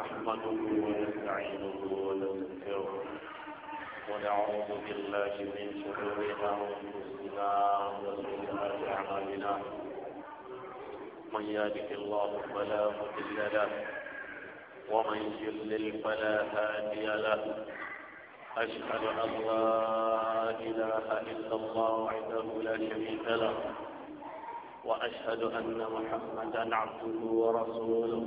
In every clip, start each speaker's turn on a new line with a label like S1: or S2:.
S1: نحمده ونستعينه ونذكره ونعوذ بالله من شرور انفسنا وسيئات اعمالنا من يهده الله فلا مضل له ومن يضلل فلا هادي له أشهد أن لا إله إلا الله وحده لا شريك له وأشهد أن محمدا عبده ورسوله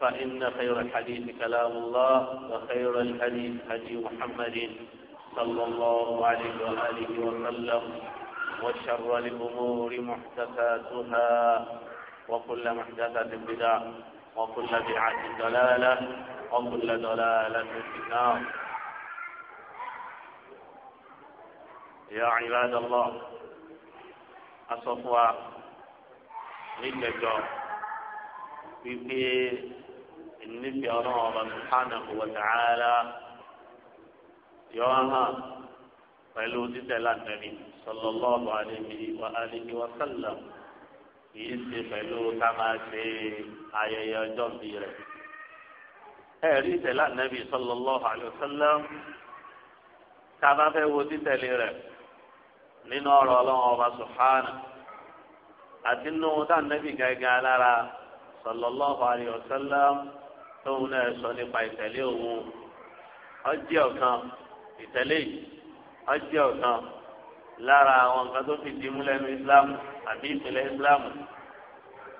S1: فإن خير الحديث كلام الله وخير الحديث هدي محمد صلى الله عليه وآله وسلم وشر الأمور محدثاتها وكل محدثة بدعة وكل بدعة ضلالة وكل ضلالة في النار يا عباد الله أصفوا لكجو في nífẹ̀ẹ́ ọlọ́run ọba subhanahu wa ta'ala yọ hàn pẹ̀lú títẹ̀ lánàbí sallallahu alaihi wa alihi wa sallam kìí ṣe pẹ̀lú ká máa ṣe ayẹyẹ ọjọ́ bíi rẹ̀. ẹ̀rí tẹ̀lé ànábì sallallahu alaihi wasallam ká bá fẹ́ wo títẹ̀lé rẹ̀ nínú ọ̀rọ̀ ọlọ́run ọba subhana àti nínú tá ànábì gángan lára sallallahu alaihi wasallam tóun náà sọ nípa ìtẹ̀lé òun ọjọ́ ọ̀kan ìtẹ̀lé yìí ọjọ́ ọ̀kan lára àwọn nǹkan tó fi dìímú lẹ́nu islam àbí ìpìlẹ̀ islam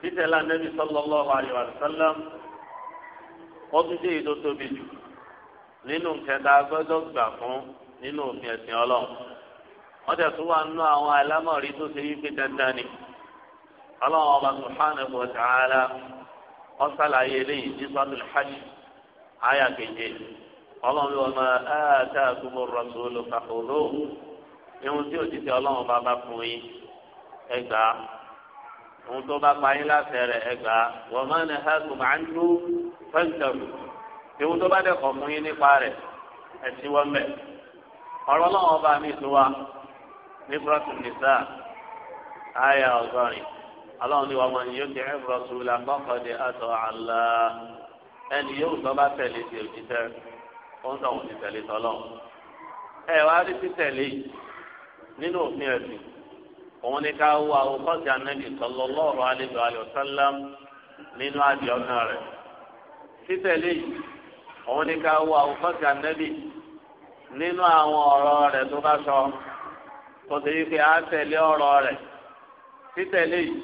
S1: títẹ̀lá nẹ́bí sallallahu alaihi wa sallam wọ́n tún dé ètò tóbi jù nínú kẹta gbọ́dọ̀ gbà fún nínú òfin ẹ̀sìn ọlọ́run wọ́n tẹ̀ tún wà nínú àwọn alámọ̀rí tó ṣe wípé dandan ni ọlọ́run ọba subhanahu wa ta'ala ọsàlàyé eléyìí sísọtò hajj àyà keje ọlọ́run ọmọ ẹẹta àkúmọ rọsùlù kàkúrò ihun tí òtítì ọlọ́run bá bá fún yín ẹgbà ohun tó bá pa yín láfẹ rẹ ẹgbà wọn máa ń ha kùmà ń dú fẹǹtẹrù ihun tó bá dẹkọ fún yín nípa rẹ ẹsìn wọn bẹ ọ̀rọ̀ ọlọ́run ọba mi tó wa ní kúrọsùn nìsa àyà ọgọ́rin aláwọn ní wàá wọn yóò ti ẹ̀rọ sùúlà kọ́kọ́dé àtọ̀ àlá ẹni yóò tọ́ bá tẹ̀lé ti òjíṣẹ́ ó ń tọ̀hún ti tẹ̀lé tọ́lọ́ ẹ wá rí títẹ̀lé nínú òfin ẹ̀sìn òun ni ká wo àwòkọ́sí anábì sallallahu alaihi wa sallam nínú àdìọ́nà rẹ̀ títẹ̀lé òun ni ká wo àwòkọ́sí anábì nínú àwọn ọ̀rọ̀ rẹ̀ tó bá sọ kò sí pé a tẹ̀lé ọ̀rọ̀ rẹ̀ títẹ̀lé yìí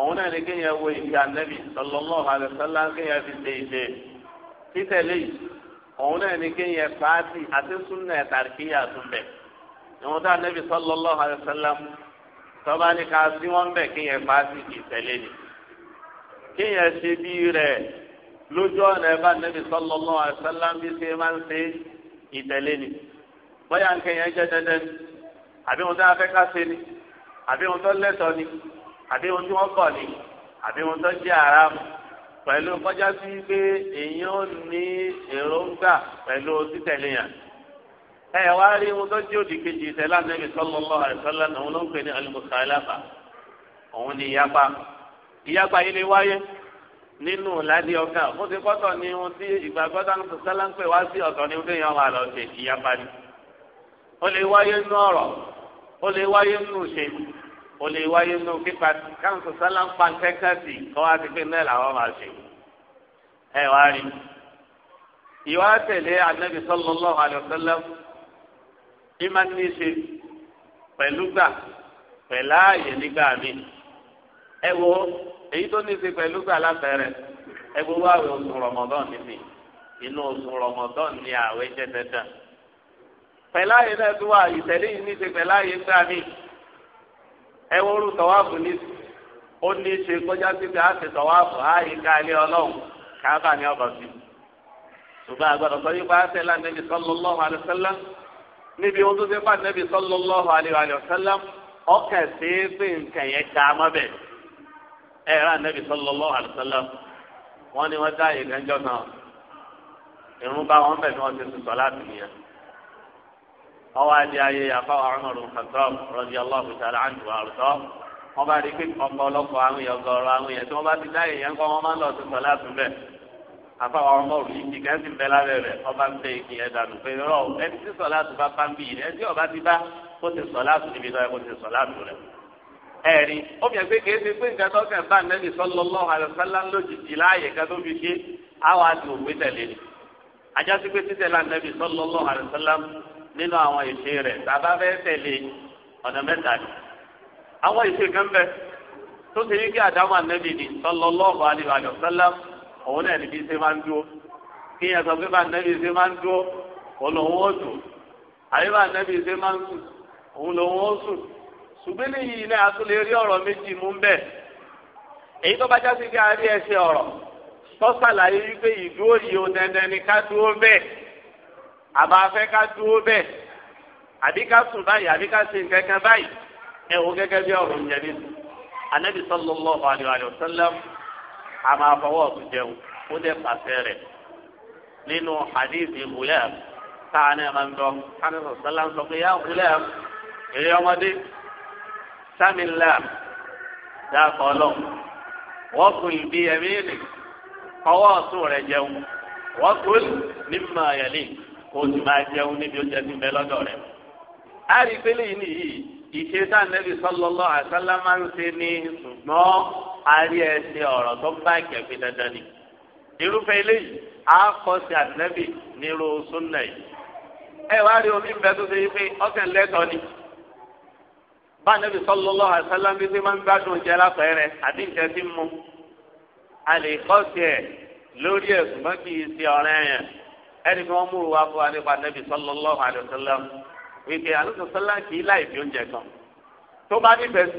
S1: òun náà ní kéèyàn wo ìfẹ́ ànẹ́bì sallallahu alaihi wasallam kéèyàn fi ṣe ìṣe títẹ̀lé yìí òun náà ní kéèyàn pàátì àti súnà tàríkìyà tún bẹ̀ ìwọ̀n tó ànẹ́bì sallallahu alaihi wasallam tọ́ba ní ká sí wọ́n bẹ̀ kéèyàn pàátì ìtẹ̀lé ni kéèyàn ṣe bí rẹ̀ lójú ọ̀nà ẹ̀ bá ànẹ́bì sallallahu alaihi wasallam bí ṣe máa ń ṣe ìtẹ̀lé ni bóyá ni àbí ohun tí wọ́n kọ̀ ni àbí ohun tó jẹ́ àràmù pẹ̀lú kọjá sí pé èèyàn ò ní èròǹgbà pẹ̀lú títẹ̀lé yàn. ẹ wá rí ohun tó jẹ́ òdì kejì ìtẹ̀lá nẹ́bí sallallahu alaihi wasallam òun ló ń pè ní al-mukhalafa òun ni ìyapa ìyapa yìí lè wáyé nínú ìlàdí ọ̀gá mo ti kọ́tọ̀ ní ohun tí ìgbàgbọ́ dáná sálá ń pè wá sí ọ̀tọ̀ ní ọdún yẹn wà lọ ṣe ìyapa ni ó lè wáyé nínú ọ̀rọ̀ ó lè wáyé nínú ìṣèlú o lè wáyé nù pípa káńtù sálánpà kẹ́kẹ́ sí kọ́ wá ti pé náà làwọn máa ṣe ẹ wá rí ìwà tẹ̀lé anabi sallallahu alaihi wasallam ìmá ní í ṣe pẹ̀lú gbà pẹ̀lá ààyè nígbà mi ẹ wo èyí tó ní í ṣe pẹ̀lú gbà láfẹ̀rẹ̀ ẹ wo wá àwẹ̀ oṣù rọmọdán níbi inú oṣù rọmọdán ni àwẹ̀ jẹ́ dandan pẹ̀lá ààyè náà tó wà ìtẹ̀lé yìí ní í ṣe pẹ̀lá ààyè gbà mi ẹ wọ́rù tọ́wáàfù ní ó ní í ṣe kọjá síbi àti tọ́wáàfù àyíká ilé ọlọ́run káàbà ní ọkọ̀ sí. ṣùgbọ́n àgbàdo sọ yípa àtẹ́lá nẹ́bí sallallahu alaihi wasallam níbi ohun tó ṣe pà nẹ́bí sallallahu alaihi wasallam ọkẹ́ sí pé nǹkan yẹn ká mọ́bẹ̀ ẹ̀ rà nẹ́bí sallallahu alaihi wasallam wọ́n ní wọ́n dá ìgbẹ́jọ́ náà ìrún wọn bẹ̀ ní wọ́n ti sùn sọ láti nìyẹn. ọwọ́ adé ayé ya Umar bin Khattab radiyallahu ta'ala anhu àrùtọ́ wọ́n bá rí pé ọ̀pọ̀ ọlọ́pọ̀ àwọn èèyàn gọ̀ọ̀rọ̀ àwọn èèyàn tí wọ́n bá ti dá èèyàn kọ́ máa ń lọ sí tún yìí sì bẹ ọba ń bẹ ìkì dànù pé rọ tún bá bá ń bì yìí ọba ti bá kó ti tún níbi kó ti tún nínú àwọn ìṣe rẹ̀ bàbá fẹ́ tẹ̀lé ọ̀nà mẹ́ta ni. àwọn ìṣe kan bẹ tó ti kí àdámà ni sallallahu alaihi wa sallam òun náà níbi ṣe máa ń dúró kí yẹn sọ pé bá ṣe máa ń dúró òun lòun ó dùn bá ṣe máa ń sùn òun lòun ó sùn ṣùgbọ́n níyì ilé rí ọ̀rọ̀ méjì mú èyí tó bá a rí ẹsẹ̀ ọ̀rọ̀ wípé ìdúró yìí ká dúró àbá fẹ́ ká dúró bẹ́ẹ̀ àbí ká sùn báyìí àbí ká ṣe nǹkan kan báyìí ẹ wo gẹ́gẹ́ bí ọ̀rọ̀ ń jẹbi anabi sallallahu alayhi wa sallam a máa fọwọ́ ọ̀tún jẹun ó dẹ̀ pàṣẹ rẹ̀ nínú hadith ìmùlẹ̀ káàní máa ń gbọ́ káàní sọ̀sálà ń sọ pé yá ìmùlẹ̀ èrè ọmọdé sámìlá dáàkọ́ lọ wọ́n kò ìbí ẹ̀mí rẹ̀ ọwọ́ ọ̀tún rẹ̀ jẹun wọ́n kò ní mímọ̀ yẹ̀lẹ́ kó o sì máa jẹun níbi oúnjẹ tí ń bẹ lọ́dọ̀ rẹ̀. a rí pélé yìí nìyí ìṣe sànẹ́bí sallallahu alaihi wasallam máa ń ṣe ní ṣùgbọ́n a rí ẹsẹ̀ ọ̀rọ̀ tó bá ìkẹ́fẹ́ dandan ni. irúfẹ́ ilé yìí a kọ́ sí ànẹ́bí nírú súnà yìí. ẹ wá rí omi bẹ tó ṣe yí pé ọkàn lẹ́tọ̀ọ́ ni. bá ànẹ́bí sallallahu alaihi bí ṣe máa ń gbádùn jẹ lápẹẹrẹ àti ìṣẹ́ tí ń mu. a lè kọ́ sí ẹ̀ lórí ẹ̀sùn mọ́ ẹni tí wọ́n múru wá fún wa nípa nẹ́bí sallallahu alaihi wasallam wípé àlùkò sọlá kì í láì fi oúnjẹ kan tó bá nífẹ̀ẹ́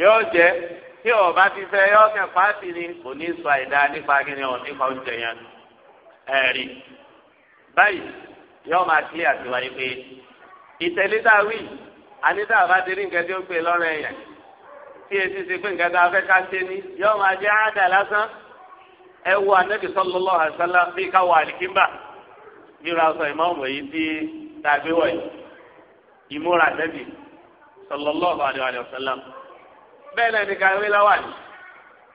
S1: yóò jẹ tí o bá ti fẹ́ yóò kẹ́ pàtì ni kò ní sọ àìdá nípa kíni ọ̀ nípa oúnjẹ yẹn ẹ̀rí báyìí yóò máa kílẹ̀ àtiwáyé pé ìtẹ̀lé dàwí àníta àbádérí nǹkan tí ó gbé lọ́rọ̀ ẹ̀yà tí etí ti pé nǹkan tó afẹ́ ká ṣe ní yóò máa jẹ́ àádà lásán ẹ wo ànábì sallallahu alaihi wasallam bí káwọ àlìkínbà ríra sọ ìmọ̀ọ́mù èyí tí tàbí wọ̀nyí ìmúra àtẹ́bí sallallahu alaihi wa sallam bẹ́ẹ̀ náà ní káwé láwà ní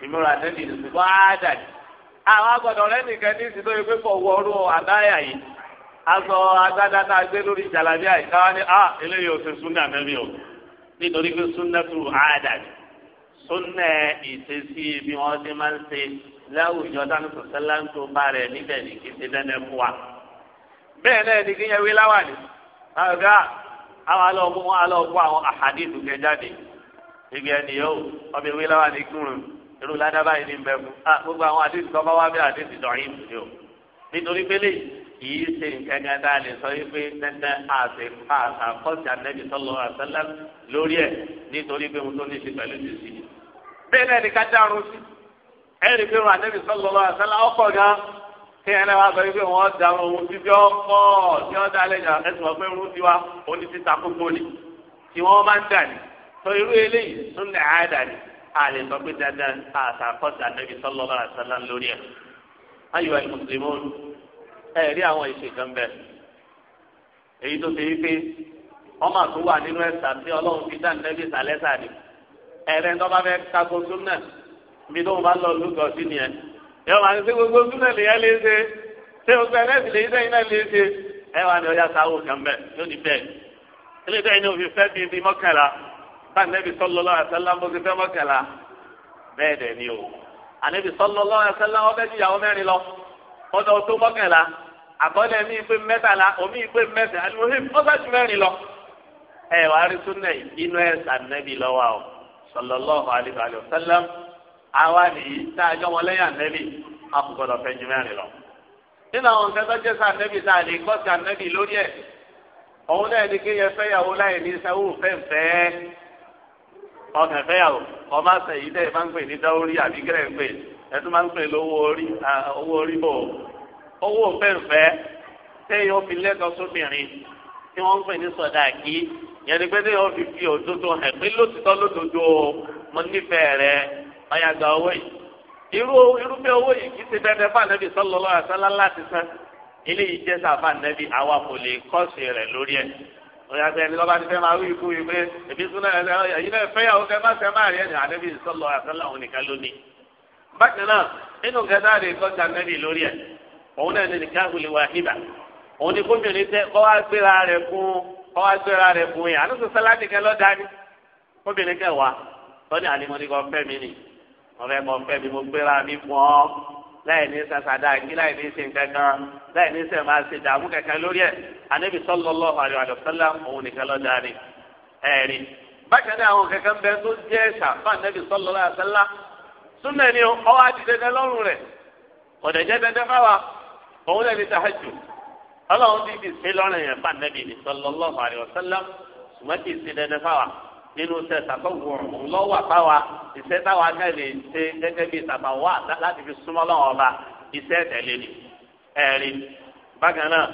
S1: ìmúra àtẹ́bí ní ṣùgbọ́n àádà ní. àwọn agbọ̀dọ̀ rẹ nìkan ní ìsìn tó yẹ pé pọ̀ wọ ọdún àbáyà yìí aṣọ agbádá tá a gbé lórí jàlábí àìkáwá ní ah eléyìí ò ṣe súnà mẹ́rin o nítorí pé súnà tù àádà ní súnà ìṣesí bí wọ́n ti máa ń ṣe láwùjọ táwọn bẹ́ẹ̀ náà ni kínyẹn wí láwàní àgbà àwọn alọ́gbọ́n wọn alọ́gbọ́n àwọn àhàdìsù kẹ jáde ibi ẹni yóò ọbẹ̀ wí láwàní kúrun irú ládàbà yìí ní bẹ́ẹ̀ fún ah, gbogbo àwọn àdìsù kọ́ bá wá bí àdìsù dọ̀yìn ni o nítorí pélé yìí ṣe nǹkan kan tá a lè sọ yìí pé dandan àṣẹ àkọ́sí ànẹ́bí sọ́lọ́ àṣẹlá lórí ẹ̀ nítorí pé mo tó ní ṣe pẹ̀lú ti sí bẹ́ẹ̀ náà ni ká dárun sí ẹ̀rí pé wọn ànẹ́bí sọ́lọ́ àṣẹlá ọkọ̀ gan-an kéèyàn náà wá sọ wípé wọn da ohun títí ọkọ tí wọn dá lẹ́yìn ẹsùn ọgbẹ irun tiwa òní títa gbogbo ni tí wọn máa ń dà ní sọ irú eléyìí tún lè àádà ní àlè sọ pé dandan àtàkọsí ànábi sọlọ lọrọ àtàlà lórí ẹ ayọ ẹ mùsùlùmí ẹ rí àwọn ìṣe kan bẹ èyí tó ṣe wípé wọn máa wà nínú ẹsà tí Ọlọ́run fi dá nẹbi sàlẹsà ni ẹrẹ ń tọ́ bá fẹ́ kakó tó ń bá lọ lúgọ sí nìyẹn yọ máa ń ṣe gbogbo súnlẹ̀ lèyàn lè ṣe ṣé o gbẹ lẹ́sìn lè ṣe iná lè ṣe ẹ wà ní ọjà sáwó kan bẹ́ẹ̀ yóò ní bẹ́ẹ̀ ilé ìtẹ́yìn ní òfin fẹ́ bíi bíi mọ́kànlá bá nẹ́bí sọ́lọ́lọ́ àṣálá mo ti fẹ́ mọ́kànlá bẹ́ẹ̀ dẹ̀ ni o ànẹ́bí sọ́lọ́lọ́ àṣálá ọbẹ̀ ju ìyàwó mẹ́rin lọ ọdọ tó mọ́kànlá àkọọ́lẹ̀ mi ìpè mẹ́tàlá omi ìpè mẹ́sẹ̀ àlùmọ́hìm ọ̀sẹ̀ ju mẹ́rin lọ àwa nìyí tá a jọmọ lẹ́yìn ànẹbì a kò gbọ́dọ̀ fẹ́ ju mẹ́rin lọ. nínú àwọn nǹkan tó jẹ́ sí ànẹbì tá a lè gbọ́ sí ànẹbì lórí ẹ̀ òun náà ní kéèyàn fẹ́yàwó láì ní sanwó fẹ́ǹfẹ́ ọkàn fẹ́yàwó ọmọ àṣẹ yìí dẹ́ máa ń pè ní dáwórí àbí gẹ́rẹ́ ń pè ẹtún máa ń pè lówó orí owó orí bò owó fẹ́ǹfẹ́ téèyàn fi lẹ́tọ̀ọ́ sóbìnrin tí wọ́n ń pè ní sọ̀dáàkì yẹn ni pé téèyàn ó fi fi òdodo hàn pé lótìtọ́ lódodo mo nífẹ̀ẹ́ rẹ̀ ọ̀yà gba owó yìí irú irúfẹ́ owó yìí kì í ṣe dandan fún anabi sallallahu alaihi wasallam láti san eléyìí jẹ́ sàfà anabi àwa kò lè kọ́sì rẹ̀ lórí ẹ̀ ọ̀yà pé ẹni lọ́ba ti fẹ́ máa wí ikú yìí pé èmi súná ẹ̀ ẹ̀yin náà fẹ́ yàwó kẹ́ má fẹ́ má rí ẹ̀yìn anabi sallallahu alaihi wasallam òun nìkan lónìí. bákan náà nínú kẹta rè kọ́sì anabi lórí ẹ̀ òun náà ní nìkan wàhídà kẹwàá tọ́ni àlìmọ́ni kan fẹ́ mi nìyí ọ̀rẹ́ mọ̀ fẹ́ mi mo gbéra mi fún ọ láì ní sàṣàdá kí láì ní ṣe kankan láì ní sẹ̀ máa ṣe dààmú kankan lórí ẹ̀ anábì sallallahu alaihi wasallam òun nìkan lọ́ da ni ẹ̀rí bákan náà àwọn kankan bẹ́ẹ̀ tó jẹ́ ṣàfà anábì sallallahu alaihi wasallam súnmẹ̀ ni ọwọ́ àdìdẹ dẹ lọ́rùn rẹ̀ ọ̀dẹ̀ jẹ́ dẹ́dẹ́ fáwa òun lẹ́ni tahajjud ọlọ́run ti fi ṣe lọ́rùn yẹn fà anábì sallallahu alaihi wasallam ṣùgbọ́n nínú iṣẹ́ ìtàkọ́wò lọ́wọ́ àpáwa iṣẹ́ táwa náà lè ṣe gẹ́gẹ́ bí ìtàkàwọ́ láti fi súnmọ́ lọ́wọ́ ọba iṣẹ́ ìtẹ̀lé ni ẹ̀rí bákan náà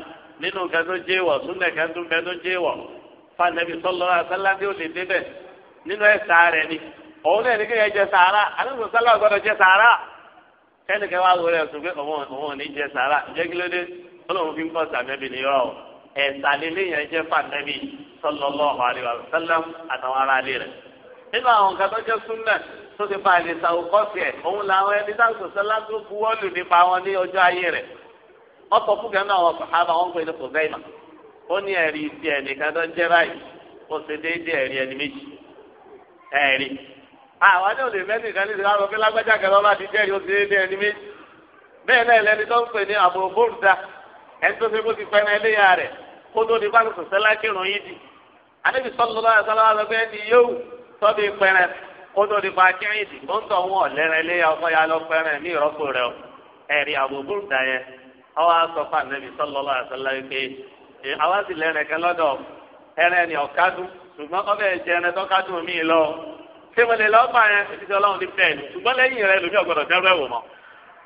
S1: nínú kẹtó jéèwọ̀ súnlẹ̀ kẹtó kẹtó jéèwọ̀ fanabi sọlọ asálá tí ó lè débẹ̀ nínú ẹ̀sà rẹ̀ ni òun náà ní kéèyàn jẹ sàárà alóòsàn sálà gbọdọ̀ jẹ sàárà kẹ́nìkẹ́ wá wọlé ẹ̀sùn pé òun ò ní jẹ sàárà jẹ́gílódé ó lóun fi ń kọ́ sàmẹ́bì ní yọ̀ọ́ ẹ̀sàlélẹ́ yẹn jẹ́ fànẹ́bí sallallahu alaihi wasallam àtàwọn ará ilé rẹ̀. nínú àwọn nǹkan tó jẹ́ súnmẹ̀ tó ti fa ìlẹ̀sà òkọ́ sí ẹ̀ òun làwọn ẹni dáhùn sọ́lá tó buwọ́ lù nípa wọn ní ọjọ́ ayé rẹ̀. wọ́n sọ fún kẹ́ńtà àwọn sàhábà wọn pé ní kò bẹ́ẹ̀ mà ó ní ẹ̀rí ti ẹnìkan tó ń jẹ́ báyìí ó ṣe déédéé ẹ̀rí ẹni méjì ẹ̀rí. àwọn ní olè mẹ́rin ìdálẹ́ ìdílé àwọn ọ̀fẹ́ lágbájá kẹlẹ́ ọba ti jẹ́rìí ó ṣe déédéé ẹni méjì. bẹ́ẹ̀ náà ẹlẹ́ni tó ń pè kótó di fáwọn sọsẹlá kírun yìí di anabi sọlọlọ àtàlà àgbẹ ẹni yóò tọbi pẹrẹ kótó di fáwọn kírun yìí di ó ń tọ wọn lẹrẹ léyà ọkọ ya lọ pẹrẹ ní ìrọpò rẹ o ẹrí àbòbò da yẹ ọwọ asọ fún anabi sọlọlọ àtàlà wípé àwa sì lẹrẹ kẹ lọdọ ẹrẹ ni ọkadùn ṣùgbọn ni jẹrẹ tọkadùn mi lọ ṣé mo lè lọ bá yẹn ìdíjọ Ọlọ́run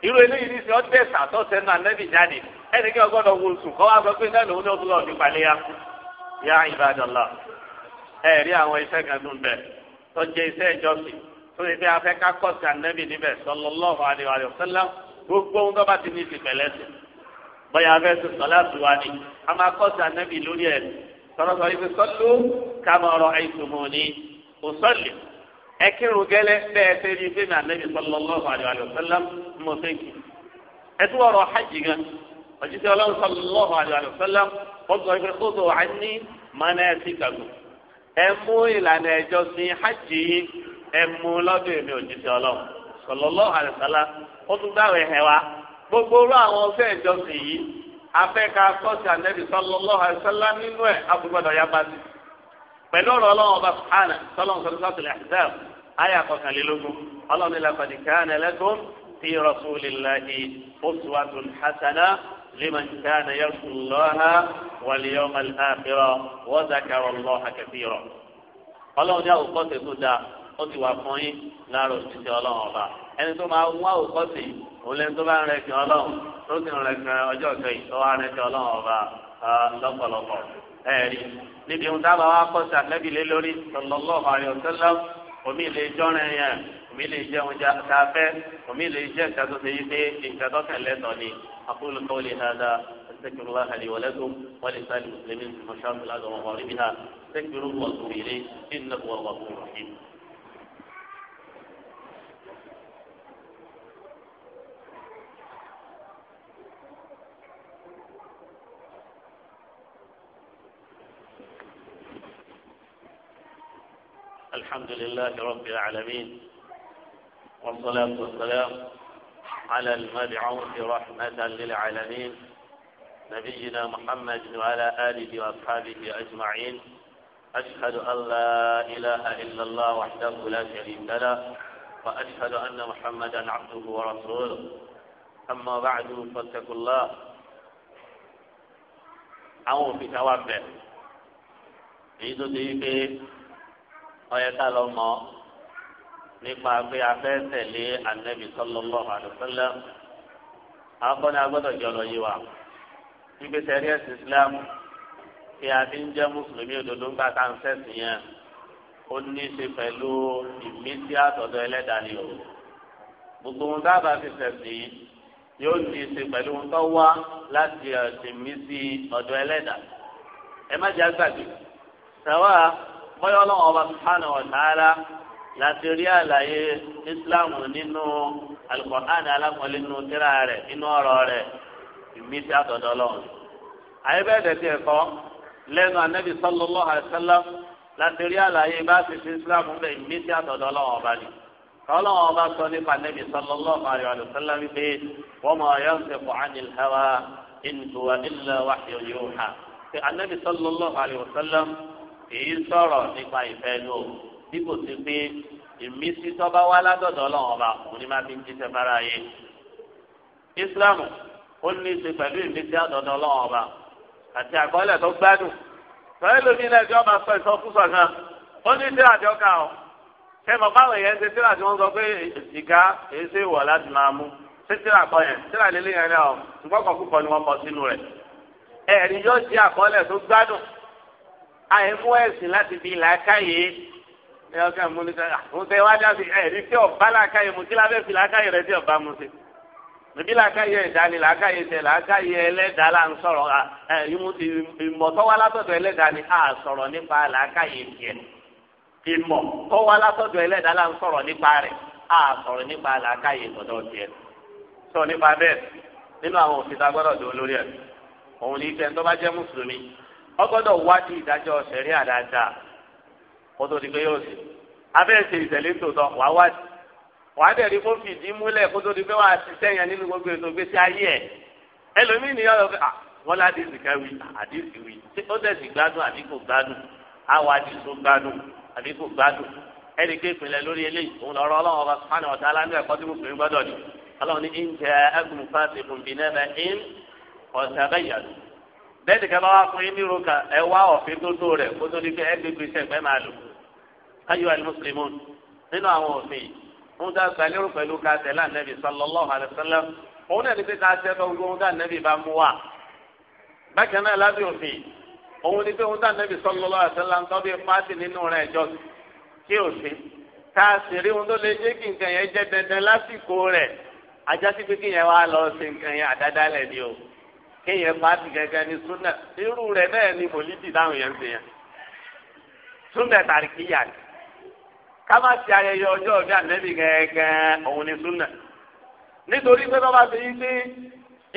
S1: irú eléyìí ní sẹ ọ tẹ sàtọ sẹnu anabi jáde ẹni kí ọgbọdọ wo sùn kọ wá sọ pé sẹnu òun ní ọdún lọọ nípa léya ya ibadallah ẹ rí àwọn iṣẹ́ kan tó ń bẹ tó jẹ iṣẹ́ ìjọsìn tó ṣe pé afẹ kakọsí anabi níbẹ̀ sallallahu alaihi wa sallam gbogbo ohun tó bá ti ní ti pẹlẹ sí bóyá afẹ sọ sọlá tù wá ni a máa kọsí anabi lórí ẹ sọlọsọ ẹkírun gẹlẹ bẹẹ ṣe rí fẹmi anabi sallallahu alayhi wa sallam hajj gan òjíṣẹ́ Ọlọ́run sallallahu alayhi wa sallam ọgbọn mana kóso àní mọnà ẹsì kàgò ẹmú ìlànà hajj yìí ẹmú lọ́dọ̀ èmi òjíṣẹ́ Ọlọ́run sallallahu gbogbo orú àwọn ọfẹ ìjọsìn yìí afẹ ká kọsí anabi sallallahu alayhi wa nínú ẹ pẹ̀lú ọ̀rọ̀ ọlọ́run ọba sùhánà sọlọ́run sọlọ́run sọ́tìlẹ̀ àṣìṣẹ́f àyà kọkànlélógún ọlọ́run ní laqad kana lakum fi rasulillahi uswatun hasana liman kana yarjullaha wal yawmal akhira wa zakara allaha kathira ọlọ́run ní àwòkọ́ ti tó dáa ó ti wà fún yín láàárọ̀ òṣìṣẹ́ ọlọ́run ọba ẹni tó máa wá òkọ́ sí òun lẹni tó bá ń rẹ̀kìn ọlọ́run tó sì ń rẹ̀kìn ọjọ́ ìkẹyìn ẹ̀rí níbi ohun tá a bá wá kọ́ sí àtẹ́bí lé lórí sallallahu alaihi wasallam omi lè jọ́rin yẹn omi lè jẹ́ ohun tá a fẹ́ omi lè jẹ́ nǹkan tó ṣe yí pé nǹkan tó kàn lẹ́tọ̀ọ́ ni aqulu qawli hadha astaghfirullah wa lakum wa li sa'il muslimin min sharri al-ardi wa maghribiha astaghfiruhu الحمد لله رب العالمين والصلاة والسلام على المبعوث رحمة للعالمين نبينا محمد وعلى آله وأصحابه أجمعين أشهد أن لا إله إلا الله وحده لا شريك له وأشهد أن محمدا عبده ورسوله أما بعد فاتقوا الله أو في توابع عيد ọyẹ ká lọ mọ̀ nípa pé a fẹ́ tẹ̀lé anabi sallallahu alaihi wasallam akọni agbọ́dọ̀ jẹ ọlọ yìí wa níbi sẹrí islam kí a ti ń jẹ mùsùlùmí òdodo ńgbà tá à ń sẹsìn yẹn ó ní í ṣe pẹ̀lú ìmísí àtọ̀dọ̀ ẹlẹ́dàáni o gbogbo ohun tá a bá ti sẹsìn yóò ní í ṣe pẹ̀lú ohun tó wá láti ìmísí ọ̀dọ̀ ẹlẹ́dàá ẹ má jẹ́ àgbàgbé sàwa bọ́yọ̀ ọlọ́run ọba subhanahu wa ta'ala láti rí àlàyé islam nínú alukur'an alákùnrin nínú tírà rẹ̀ nínú ọ̀rọ̀ rẹ̀ ìmísí àtọ̀dọ̀ ọlọ́run. àyè bẹ́ẹ̀ dẹ̀ tiẹ̀ kọ́ lẹ́nu anabi sallallahu alayhi wa sallam láti rí àlàyé bá ti fi islam bẹ́ẹ̀ ìmísí àtọ̀dọ̀ ọlọ́run ọba ni. ọlọ́run ọba sọ nípa anabi sallallahu alayhi wa sallam pé èyí sọ̀rọ̀ nípa ìfẹ́ lò bí kò sí pé ìmísí tọ́ba wá látọ̀dọ̀ ọlọ́run ọba òun ni máa fi ń jíṣẹ́ bára yé Islam ó ní í ṣe pẹ̀lú ìmísí àtọ̀dọ̀ ọlọ́run ọba àti àkọọ́lẹ̀ tó gbádùn sọ̀rọ̀ lómi ilé ẹjọ́ máa sọ ìsọfúnsọ kan ó ní tíra àti ọkà o ṣé mo báwọn èèyàn ṣe tíra tí wọ́n sọ pé ìsìká èyí ṣe wọ̀ láti máa mú ṣé tíra kọ yẹn tíra lélẹ́yìn yẹn náà ṣùgbọ́n kọ̀ọ̀kú ni wọ́n kọ sínú rẹ̀ ẹ̀rí yóò ṣe àkọọ́lẹ̀ tó gbádùn àìmú ẹ̀sìn láti fi làákàyè ẹ ọkàn múnika àwọn tẹ wá dá sí ẹ̀rí tí ọba làákàyè mu kí lábẹ́ fi làákàyè rẹ tí ọba mu sí níbí làákàyè ẹ̀dá ni làákàyè tẹ làákàyè ẹlẹ́dàá là ń sọ̀rọ̀ ìmọ̀tọ́wá látọ̀dọ̀ ẹlẹ́dàá ni a sọ̀rọ̀ nípa làákàyè tiẹ̀ ìmọ̀ tọ́wá látọ̀dọ̀ ẹlẹ́dàá là ń sọ̀rọ̀ nípa rẹ̀ a sọ̀rọ̀ nípa làákàyè tọ̀dọ̀ tiẹ̀ sọ nípa bẹ́ẹ̀ nínú àwọn òfin tá a gbọ́dọ̀ dé olórí ẹ̀ òun ní ìfẹ́ tó bá jẹ́ mùsùlùmí ọgbọ́dọ̀ àdáńdá kó tó di pé yóò ìtẹ̀lé tòótọ́ wà á kó múlẹ̀ kó tó di pé ti sẹ́yìn nínú gbogbo ètò gbèsè ayé ẹ̀ ẹlòmíì ni yọ̀ọ́ ah, wọn ládìsì kẹwì àdìsì wì ó tẹ̀sí gbádùn àbí kò gbádùn àwọn àdìsì gbádùn àbí kò gbádùn ẹnì ké ìpìlẹ̀ lórí eléyìí òun lọ́rọ́ bẹ́ẹ̀ nìkan bá wá fún yín nírò kan ẹ wá ọ̀fin tó tó rẹ̀ kó tó ní pé ẹgbẹ́gbẹ́ sẹ̀gbẹ́ máa lò ayọ̀ alimuslimu nínú àwọn òfin ń dá gbalérò pẹ̀lú ká tẹ̀lé ànẹ́bí sallallahu alaihi wasallam òun náà ní pé ká tẹ́ fún gbogbo ànẹ́bí bá mú wa bákan náà lábẹ́ òfin òun ní pé òun dá ànẹ́bí sallallahu alaihi wasallam tó bí pàṣẹ nínú rẹ̀ jọ kí òfin ká sì rí òun tó lè jẹ́ kí nǹkan yẹn jẹ́ dandan lásìkò rẹ̀ ajá sí kéèyàn bá ti gẹ́gẹ́ ní súnà irú rẹ̀ náà ni mòlídìí táwọn yẹn ń ṣe yẹn súnà tàríkìyà ni ká má ti ayẹyẹ ọjọ́ ọjọ́ ànẹ́bí gẹ́gẹ́ òun ni súnà nítorí pé bá bá ti yí pé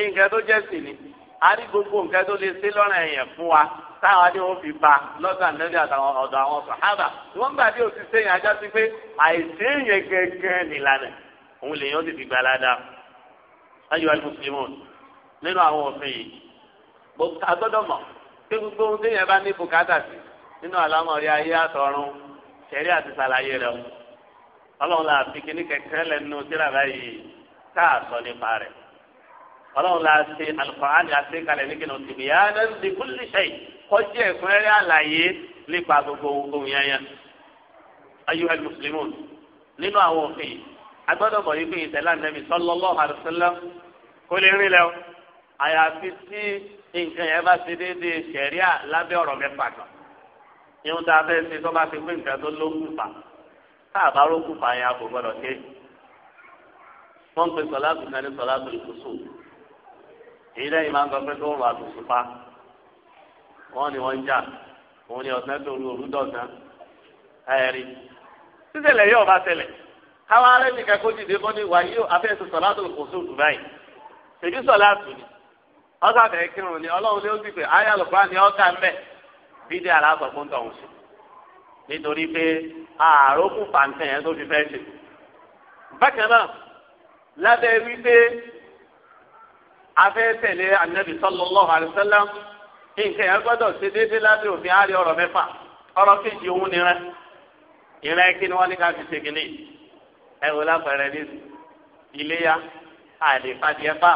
S1: nǹkan tó jẹ́ sí ni a ní gbogbo nǹkan tó lè ṣe lọ́rùn ẹ̀yẹ̀ fún wa táwọn ni wọ́n fi ba lọ́sàn ànẹ́bí àtàwọn ọ̀dọ̀ àwọn sàhábà wọ́n gbà bí òsì sẹ́yìn ajá sí pé àìsí yẹn gẹ́gẹ́ nìlànà òun lèèyàn ti fi gbalada ayọ̀ alimusulimu nínú àwọn òfin yìí gbogbo agbọ́dọ̀ mọ̀ pé gbogbo ohun téèyàn bá ní bùkátà sí nínú àlámọ̀rí ayé àtọ̀run ṣẹ̀rí àti sàlàyé rẹ̀ ọlọ́run la fi kíní kẹ̀kẹ́ lẹ́nu síra báyìí tá a sọ nípa rẹ̀ ọlọ́run la ṣe alukọ̀rán ni a ṣe kalẹ̀ ní kíni òsì bìyà lẹ́nu kúlì ṣe kọjú ẹ̀kúnrẹ́rẹ́ àlàyé nípa gbogbo ohun yẹn yẹn ayuha muslimun nínú àwọn òfin agbọ́dọ̀ mọ̀ yìí pé ìtẹ̀lá nẹ́bi sallallahu alaihi wasallam kó lè àyàfi tí nǹkan yẹn bá ti déédéé ṣẹ̀ríà lábẹ́ ọ̀rọ̀ mẹ́fà kan irun tá a fẹ́ ṣe tó bá ti pín nǹkan tó ló kùfà tá a bá ló kùfà yẹn a kò gbọdọ̀ ṣe wọ́n ń pe sọ̀láàtù kan ní sọ̀láàtù ìkùsù èyí lẹ́yìn máa ń sọ pé tó ń rọ àtùsùpá wọ́n ni wọ́n ń jà òun ni ọ̀sán tó ru òru dọ̀sán ẹ̀rí sísẹ̀lẹ̀ yóò bá ṣẹlẹ̀ káwọn arẹ́nìkan kó dìde kó ní wàyí afẹ́sẹ̀ sọ̀láàtù ìkùsù dùbáyì ṣèbí sọ̀láàtù ni ọ̀sà bẹ̀rẹ̀ kírun ni ọlọ́run ni ó sì pé ayé àlùkò ni ọ̀sà ń bẹ̀ bídé aláàbọ̀ fún tọ̀hún sí nítorí pé ààrò kù pàǹtẹ̀ yẹn tó fi fẹ́ ṣe. bákan náà lábẹ́ wípé afẹ́ tẹ̀lé anabi sallallahu alaihi wasallam nǹkan yẹn gbọ́dọ̀ ṣe déédéé lábẹ́ òfin àárẹ̀ ọ̀rọ̀ mẹ́fà ọ̀rọ̀ kejì òun ni rẹ ìrẹ́ kí ni wọ́n ní ká fi ṣe kìnnì ẹ̀ lápẹ̀rẹ̀ ní iléyà àlè fàdíẹ́fà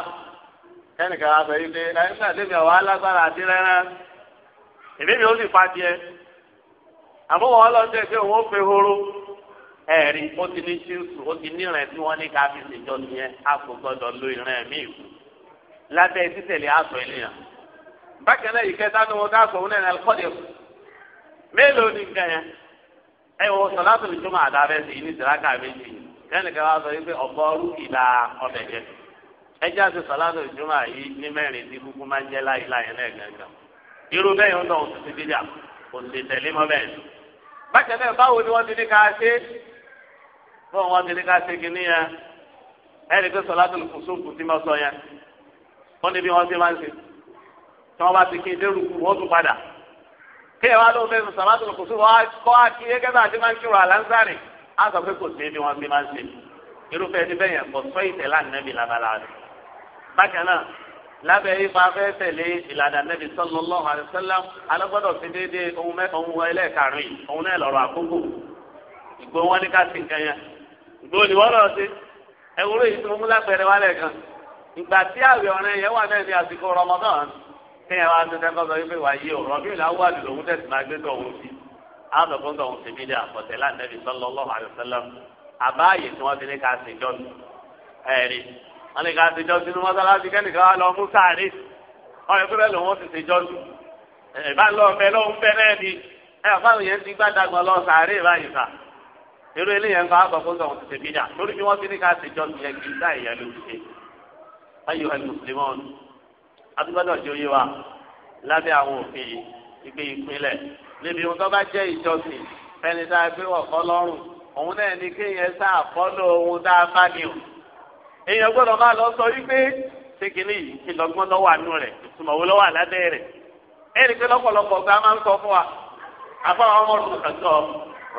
S1: ẹnìkan á sọ yìí pé ẹnìkan àti èmi àwọn alágbára àti rẹ́rẹ́ èmi mi ò sì fa tiẹ̀ àmọ́ wọn lọ sí ẹgbẹ́ òun ó pe horo ẹ̀rí ó ti ní ṣíṣù ó ti nírẹ̀ tí wọ́n ní ká fi ṣèjọ nìyẹn a kò gbọ́dọ̀ lo ìrìn ẹ̀mí ìkú lábẹ́ títẹ̀lé àṣọ ènìyàn bákan náà ìkẹta ni wọn dáàbò òun náà ẹ̀kọ́ dẹ̀ mélòó ni nǹkan yẹn ẹ wọ sọlá tó lè tó máa dábẹ́ sí i ní ìsìlákà méjì kẹ́nìkan wá sọ wípé ọ̀pọ̀ ọrú ìlà jẹ́ ẹjẹ́ àti sàlátù ìjùmọ̀ yìí ní mẹ́rin tí kúkú máa ń jẹ́ láyéláyé lẹ́ẹ̀gẹ́gẹ́ irú bẹ́ẹ̀ ń dọ̀wọ́ títí dídà kò sì tẹ̀lé mọ́ bẹ́ẹ̀. bákan náà báwo ni wọ́n ti ní ká ṣe fún wọn ti ní ká ṣe kí níyẹn ẹnì pé sàlátù kùsùnkù tí wọ́n sọ yẹn wọ́n ní bí wọ́n ti máa ń ṣe tí wọ́n bá ti kí dérú kú wọ́n tún padà kí ẹ wá ló fẹ́ sàlátù kùsùnkù kọ́ akíyé kẹ́ irúfẹ́ ẹni bẹ́ẹ̀ yẹn kò sọ ìtẹ̀lá nẹ́bí labalá bákan náà lábẹ́ ipa fẹ́ tẹ̀lé ìlànà nẹ́bí sallallahu alaihi wasallam alágbọ́dọ̀ fi déédé ohun mẹ́ ohun ẹlẹ́ẹ̀karùn yìí ohun náà lọ́rọ̀ àkókò ìgbó wọn ní ká sí nǹkan yẹn ìgbó ni wọ́n lọ́ọ́ sí ẹ̀wúrò yìí tó mú lápẹ̀rẹ̀ wá lẹ́ẹ̀kan ìgbà tí àwẹ̀ ọ̀rẹ́ yẹn wà náà ní àsìkò Ramadan kéèyàn wá tó tẹ́kọ̀ sọ wípé wà yí ọ̀rọ̀ wọn lè ka ṣèjọ sínú mọ́sálásí kẹ́nìkan wà lọ mú sáré ọ̀rẹ́ fúnbẹ́ lòun ó sì ṣèjọ sùn ìbá lọ bẹ lọ́wọ́ ń bẹ náà ni ẹ fáwọn yẹn ti gbàdàgbọ́ lọ sáré báyìí sà irú eléyẹn ń fa àgbàkóso àwọn tètè bíjà lórí bí wọ́n ti ní ká ṣèjọ sùn yẹn kì í dá ìyá ló ṣe ayò ẹ̀ mùsùlùmọ́ọ̀nù adúgbọ́dọ̀ ṣe oyé wa lábẹ́ àwọn òfin ìgbé ìpínlẹ̀ níbi ohun tó bá jẹ́ ìjọsìn fẹ́ni tá a gbé wọ̀ kọ́ lọ́rùn òun náà ní kéèyàn sáà fọ́lọ́ ohun tá a bá ní èèyàn gbọ́dọ̀ máa lọ sọ wípé ṣé kìíní yìí kí lọ́gbọ́n lọ́wọ́ àánú rẹ̀ ìtumọ̀ wo lọ́wọ́ àládẹ́ rẹ̀ ẹ̀rí pé lọ́pọ̀lọpọ̀ ọ̀gá máa ń sọ fún wa àfọwọ́ ọmọ ọdún kàtọ́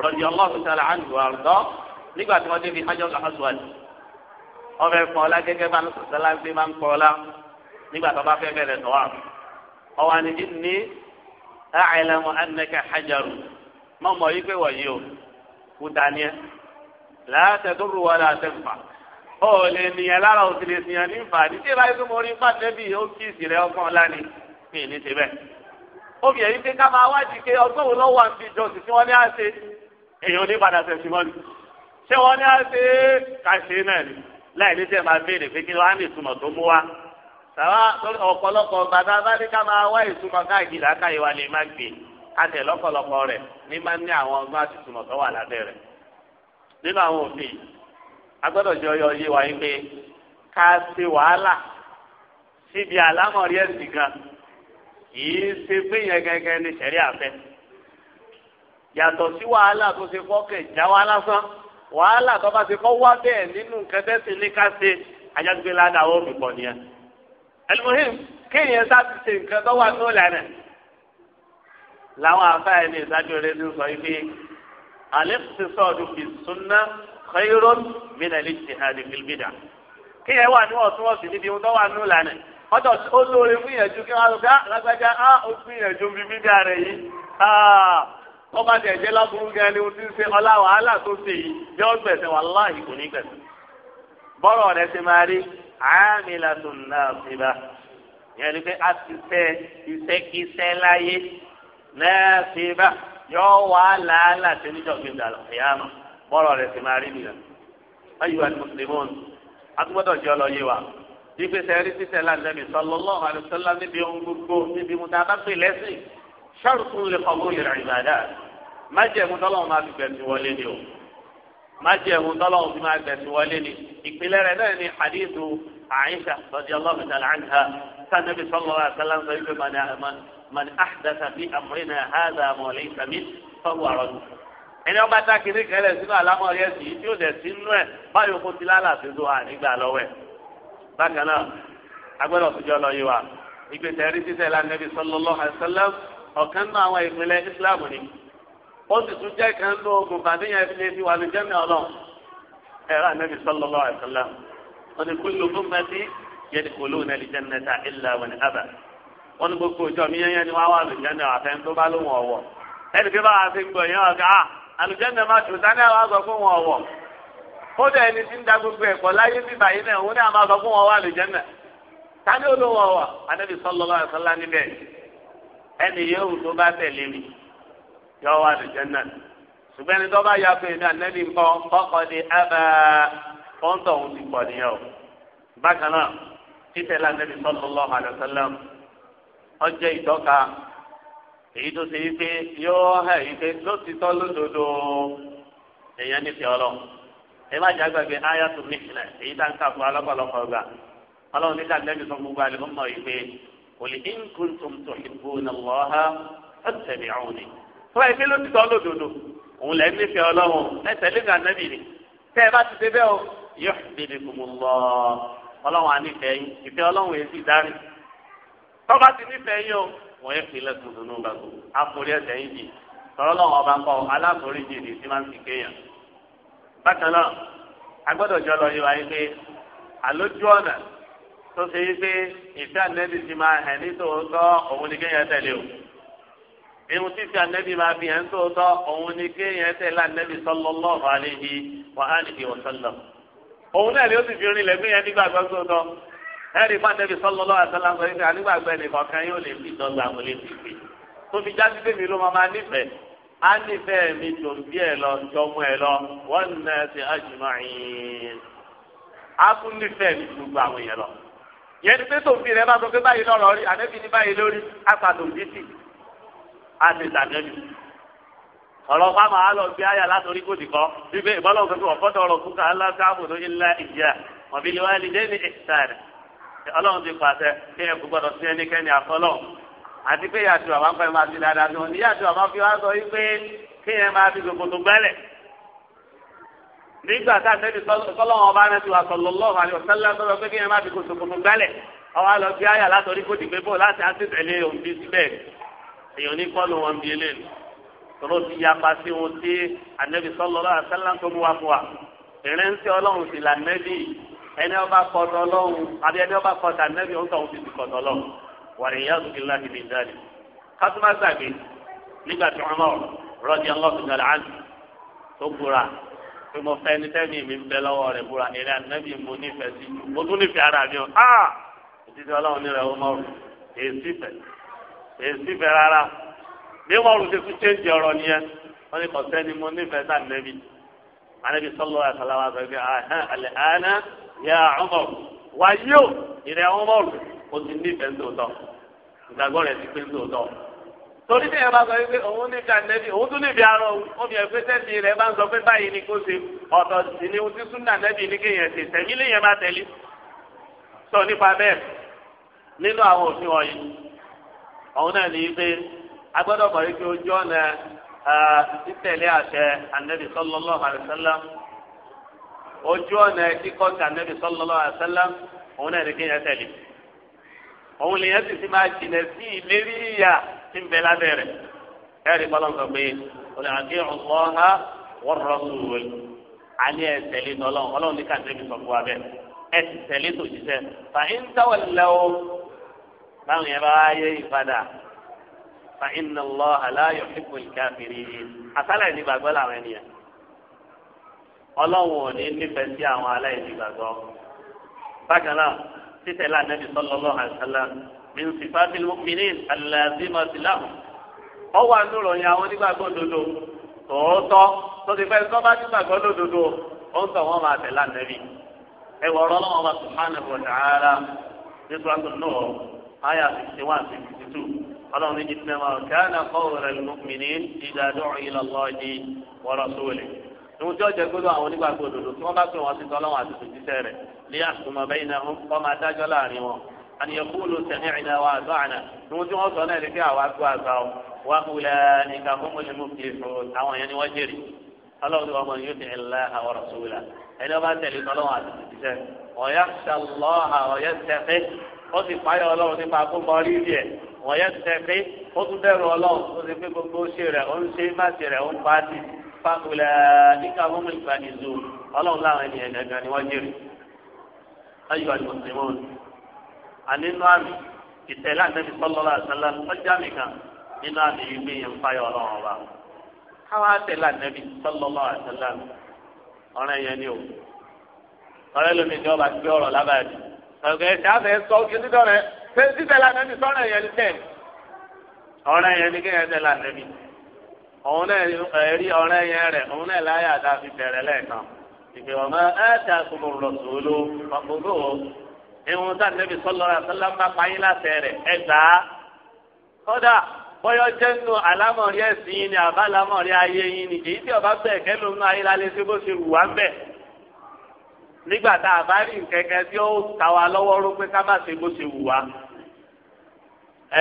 S1: rọ̀jì ọlọ́run sara àǹdù àrùdọ́ nígbà tí wọ́n débi hajj al-aswad ọbẹ̀ fún ọlá gẹ́gẹ́ bá ń sọ̀tẹ́lá gbé máa ń kọ́ ọlá nígbà tó bá fẹ́ bẹ̀rẹ̀ tọ́wà ọwọ́ àni ní àìlẹ́mu anaka hajaru mọ́ mọ́ yí pé wọ̀nyí o kú dání ó lè nìyẹn lára ò sì lè nìyẹn ní nfa ní tí ìbáyé tó mo rí pàtẹ́ bíi ó kí ìsì rẹ ọgbọ́n ọ̀la ni mi ní ti bẹ́ẹ̀. obìnrin yìí pé ká máa wádìí pé ọgbọ́n wo lọ́wọ́ àti ìjọsìn tí wọ́n ní á ṣe èèyàn ní padà sẹ̀sìn mọ́ni ṣé wọ́n ní á ṣe náà ni láì ní sẹ́ máa béèrè pé kí wọ́n á ní ìtumọ̀ tó mú wa. sàrà ọ̀pọ̀lọpọ̀ bàtà bá ní ká máa wá ìtumọ̀ káàkiri àkáyé wa lè má gbé àtẹ̀ lọ́pọ̀lọpọ̀ rẹ̀ ní má ní àwọn ọgbọ́n àti nínú àwọn òfin agbọ́dọ̀ jọ yọ yé wa yín pé ká ṣe wàhálà síbi àlámọ̀rí ẹ̀sìn gan yìí ṣe pé yẹn gẹ́gẹ́ ní sẹ̀rí àfẹ́ yàtọ̀ sí wàhálà tó ṣe fọ́kẹ̀ já wa lásán wàhálà tó bá ṣe fọ́ wá bẹ́ẹ̀ nínú nǹkan tẹ́sí ní ká ṣe ajágbé ládàá ó fi pọ̀ nìyẹn ẹlòmíhìn kéèyàn sá ṣe nǹkan tó wà ní ìlànà làwọn afáyẹ ní ìdájọ́ rẹ ti sọ yìí pé alẹ́ ti sọ̀dù fi súnná khayrun min al-ijtihad fil bid'ah kí ẹ wà ní ọ̀túnwọ̀sì níbi ohun tó wà nínú ìlànà ọjọ́ ó lóore fún ìyẹ̀jú kí wọ́n á ah, lágbájá á ah, ó fún ìyẹ̀jú bí bídà rẹ̀ yìí ah, wọ́n bá tẹ̀ jẹ́ láburú gan ni ohun tí ń ṣe ọlá wàhálà tó ṣe yìí yọ gbẹ̀sẹ̀ wàláhì kò ní gbẹ̀sẹ̀ bọ́rọ̀ rẹ̀ ṣe máa rí àmìlà tó ń náà ṣe bá yẹn ni pé a ti tẹ iṣẹ́kíṣẹ́ láyé náà ṣe bá yọ wàhálà láti níjọ́ gbẹ̀dà lọ́yàmọ̀ bọ́rọ̀ rẹ̀ sì máa rí nìyẹn ayé wa ni mùsùlùmí atúbọ̀dọ̀ jẹ́ ọlọ́yẹ wa ife sẹ́rí sísẹ́ lánàbì sallallahu alaihi wasallam níbi ohun gbogbo níbi mu tá a bá pè lẹ́sìn shartun li qabuli al-ibadat májẹ̀mú tọ́lọ́wọ́ máa fi gbẹ̀sìn wọlé ni o májẹ̀mú tọ́lọ́wọ́ fi máa gbẹ̀sìn wọlé ni ìpìlẹ̀ rẹ̀ náà ni hadithu Aisha radiyallahu ta'ala anha sanabi sallallahu alaihi wasallam sọ ife man ahdatha fi amrina hadha ma ẹni ọba tá kiri kẹlẹ sínú àlámọ̀rí ẹsìn yìí tí ó dẹ sínú ẹ báyọ kó ti lálà sí tó hàn nígbà lọ́wọ́ ẹ bákan náà agbẹdọ tó jẹ ọ lọ yìí wa ìgbésẹ̀ ẹrí títẹ lánàbí sọlọlọ àṣẹlẹm ọ̀kan náà àwọn ìpínlẹ̀ Islam ni ó sì tún jẹ kan ló ogun fàdéyàn ìpínlẹ̀ fi wà ní jẹmí Ọlọ́run ẹrọ ànàbí sọlọlọ àṣẹlẹm wọn ni kúlù fúnfẹsí yẹni kò lóun ẹni jẹ nẹta ìlà wọn ni wọn gbogbo ìjọ mi yẹn yẹn ni wọn wà lóun jẹ àlùjẹ́nà máa tò sani àwọn àgbà fún wọn ọ̀wọ̀ kódà ẹni tí ń da gbogbo ẹ̀kọ́ láyé bí báyìí náà òun náà máa sọ fún wọn wá àlùjẹ́nà sani olówó ọ̀wọ̀ anábì sallallahu alaihi wasallam níbẹ̀ ẹni yóò tó bá tẹ̀lé mi yọ wá àlùjẹ́nà ṣùgbọ́n ẹni tó bá ya fún mi anábì ń bọ́ kọ́kọ́ di ábà pọ́ńtọ̀ òun ti pọ̀ nìyẹn o bákan náà títẹ̀lé anábì sallallahu èyí tó ṣe wípé yóò hẹ wípé lótìtọ́ lódodo èèyàn nífẹ̀ẹ́ ọlọ́run ẹ má jẹ́ àgbàgbé ayatollah mihna èyí tá n kà fún alọ́pọ̀lọpọ̀ gbà ọlọ́run nígbà lẹ́nu sọ gbogbo àlẹ́ mọ́ wípé qul in kuntum tuhibbuna Allaha fattabi'uni. fún ẹ pé lótìtọ́ lódodo òun lẹ́ nífẹ̀ẹ́ ọlọ́run ẹ tẹ̀lé ní anábì ni tẹ́ ẹ bá ti ṣe bẹ́ẹ̀ o yuhbibkumullah ọlọ́run ànífẹ̀ẹ́ yín ìfẹ́ ọlọ́run èsì dárí tọ́ bá ti nífẹ̀ẹ́ yín o wọ́n yẹ fi lẹ́kùn dùnú bá tó àforí ẹ̀ṣẹ̀ yín jì tọ́lọ́ lọ́wọ́ ọba ń kọ́ aláforí jì ní símá ti kéèyàn. bákan náà agbọ́dọ̀ jọ lọ yí wa yí pé àlójú ọ̀nà tó ṣe yí pé ìfẹ́ ànẹ́bí ti máa hẹ̀ ní tòótọ́ òun ni kéèyàn tẹ̀lé o. irun tí ànẹ́bí máa fi hẹ̀ ní tòótọ́ òun ni kéèyàn tẹ̀lé ànẹ́bí sallallahu alaihi wa alihi wa sallam. òun ni ó sì fi rinlẹ̀ gbé ẹ̀rí fàtẹ́bí sallallahu alaihi wasallam pé ànígbàgbẹ́ nìkan kan yóò lè fi dọ́gba mo lè fi pè tó fi jáde pé mi ló máa máa nífẹ̀ẹ́ á nífẹ̀ẹ́ mi tó ń bí ẹ lọ jọmú ẹ lọ wọ́n nà ẹ ti ajma'in á tún nífẹ̀ẹ́ mi gbogbo àwọn èèyàn lọ. yẹn ni pé tòun rẹ bá sọ pé báyìí lọ́rọ̀ rí ànẹ́bí ní báyìí lórí á pàtó bísí á ti tànẹ́bí ọ̀rọ̀ fáwọn gbé àyà látòrí kò dìkọ́ wípé ìbọ́lọ̀ pàṣẹ ọlọ́run ti pàṣẹ kí ẹ kò gbọdọ̀ sí ẹnikẹ́ni àfọlọ́ àti pé yàtọ̀ àwọn akọ̀yìn máa ti dáadáa tó ní yàtọ̀ àwọn fi wá sọ wípé kí ẹ máa fi gbogbo tó gbẹ́lẹ̀ nígbà tá a tẹ́lẹ̀ sọlọ́wọ́n ọba náà ti wà sallallahu alaihi wasallam sọ̀rọ̀ pé kí ẹ máa fi gbogbo tó gbẹ́lẹ̀ ọwọ́ àlọ́ bí àyà látọ̀rí kò dìgbé bò láti àtìtẹ̀lé òǹbí síbẹ̀ èèyàn ní kọ́ ló wọn bí eléyìí tọ́lọ́ ti yapa sí wọn tí Ànábì sallallahu ẹni ọba kọtọ lọ́hùn àbí ẹni ọba kọtà nẹ́bí ọ̀hún tọ̀hún ti ti kọtọ lọ́hùn wàlẹ̀ ìyá òkè láti lè dáre. kátùmá gbàgbé nígbà tí wọn mọ̀ rọ́ọ̀dì ọlọ́ọ̀fin náà láàánú tó gbúra pé mo fẹ́ ní tẹ́mi mi ń bẹ lọ́wọ́ rẹ̀ gbúra eré ànábì mo nífẹ̀ẹ́ sí mo tún nífẹ̀ẹ́ ara mi o ah òtítọ́ ọlọ́run ní rẹ̀ ó mọ̀rù èsì fẹ̀ èsì fẹ̀ rárá bí mọ̀rù ti tún chéńjì ọ̀rọ̀ Ya, ọmọ wà yíò ìrẹ ọmọ rẹ o ti ní ìfẹ́ ńlọtọ ìgbàgbọ́ rẹ ti pé ńlọtọ torí bẹ́ẹ̀ bá sọ pé òun níbi ànẹ́bí òun tún níbi arọ omi ẹ̀fẹ́ sẹ́sìn rẹ̀ bá ń sọ pé báyìí ni kò ṣe ọ̀tọ̀ sì ni o ti sún ní ànẹ́bí ní kéèyàn ṣe tẹ̀mí léèyàn bá tẹ̀lé sọ nípa bẹ́ẹ̀ nínú àwọn òfin wọ̀nyí òun náà ní pé a gbọ́dọ̀ alaihi wasallam ojú ọ̀nà kíkọ́ ti ànábì sallallahu alaihi wasallam òun náà ní kéèyàn tẹ̀lé òun lèyàn sì ti máa jìnà sí ìlérí ìyà tí ń bẹ lábẹ́ rẹ̀ ẹ̀rí bọ́lá ń sọ pé olè àti ọ̀gbọ́nha wọ́n rọ sùwèé àní ẹ̀ tẹ̀lé tọ́lọ́ ọlọ́run ní kàtẹ́bí sọ fún wa bẹ́ẹ̀ ẹ̀ sì tẹ̀lé tó jíṣẹ́ fà ń táwọn báwọn yẹn bá yẹ ìpadà fà ń nà lọ́ àlàyé òfin kò ní káfíìrì ọlọ́run ò ní nífẹ̀ẹ́ sí àwọn aláìní gbàgbọ́. bákan náà títẹ̀ láàánú ẹni sallallahu alaihi wasallam mi ń sìfà bí mu'minin alàzímọ̀ sí láhùn. ọ wà nínú ìròyìn àwọn onígbàgbọ́ dodo tòótọ́ tó ti fẹ́ sọ́ba nígbàgbọ́ dodo ó ń sọ wọn máa tẹ̀ láàánú ẹbí. ẹ wọ ọ̀rọ̀ ọlọ́run ọba subhanahu wa ta'ala nítorí àgbọn náà ayà sixty one sixty two ọlọ́run ní jìtìmẹ́ wọn kí ìwọ tí ọjà gbọ́dọ̀ àwọn onígbàgbọ́ òdodo tí wọn bá pè wọn sí tọlọ́run àti tòjíṣẹ́ rẹ̀ ní àsùnmọ bẹyìn náà kọ máa dájọ́ láàrin wọn àníyànkúlù tẹmí ìná wa àdó àná ìwọ tí wọn sọ náà lè fi àwa tó àgbà ọ wà kúlẹ nìkan fún mi ni mo fi fún àwọn yẹn ni wọn jèrè Ọlọ́run tí yóò tẹ ẹlẹ àwọn rọṣùlá ẹni wọn bá tẹ̀lé tọlọ́run àti tòjíṣẹ́ ọyá sàlọ ó sì fáyọ Ọlọ́run nípa fàkùlẹ̀ níka ọmọ ìgbàlejò ọlọ́run láwọn ẹni ẹ̀dẹ̀gbẹ̀ ni wọ́n jèrè ayọ̀ àlùmọ̀sẹ̀mọ́n ànínú àmì ìtẹ̀lé àtẹ́bí sọ́lọ́lá àṣálá ọjà nìkan nínú àmì ìgbé yẹn ń fáyọ̀ ọlọ́run ọba káwá tẹ̀lé àtẹ́bí sọ́lọ́lá àṣálá ọ̀rẹ́ yẹn ni o ọ̀rẹ́ lómi ni ọba ti gbé ọ̀rọ̀ lábàáyé ọ̀gẹ̀ ẹ̀sẹ̀ àfẹ́ sọ kìnnìkan rẹ̀ ṣé títẹ̀lé àtẹ́bí sọ́rọ̀ yẹn ni tẹ̀ ọ̀rẹ́ yẹn ni kéèyàn tẹ̀lé àtẹ́bí òun náà ẹ̀rí ọ̀rẹ́ yẹn rẹ̀ òun náà láyà dá fi bẹ̀rẹ̀ lẹ́ẹ̀kan ìgbè wọn máa ẹ̀ tà kúrò rọ̀sọ̀ọ́lù ọ̀pọ̀gbọ̀ ìwọ̀n tá nẹ́bí sọ́lọ́ra sọ́lá máa pa yín láṣẹ rẹ̀ ẹ gbà á. kódà bọ́yọ̀ jẹ́ nù àlámọ̀rí ẹ̀sìn yín ni àbá àlámọ̀rí ayé yín ni èyí tí ọba bẹ̀ kẹ́lò nù ayé lálẹ́ sí bó ṣe wù wá ń bẹ̀. nígbà tá a bá rí nkẹ́kẹ́ tí ó ta wa lọ́wọ́ pé ká má ṣe bó ṣe wù wá.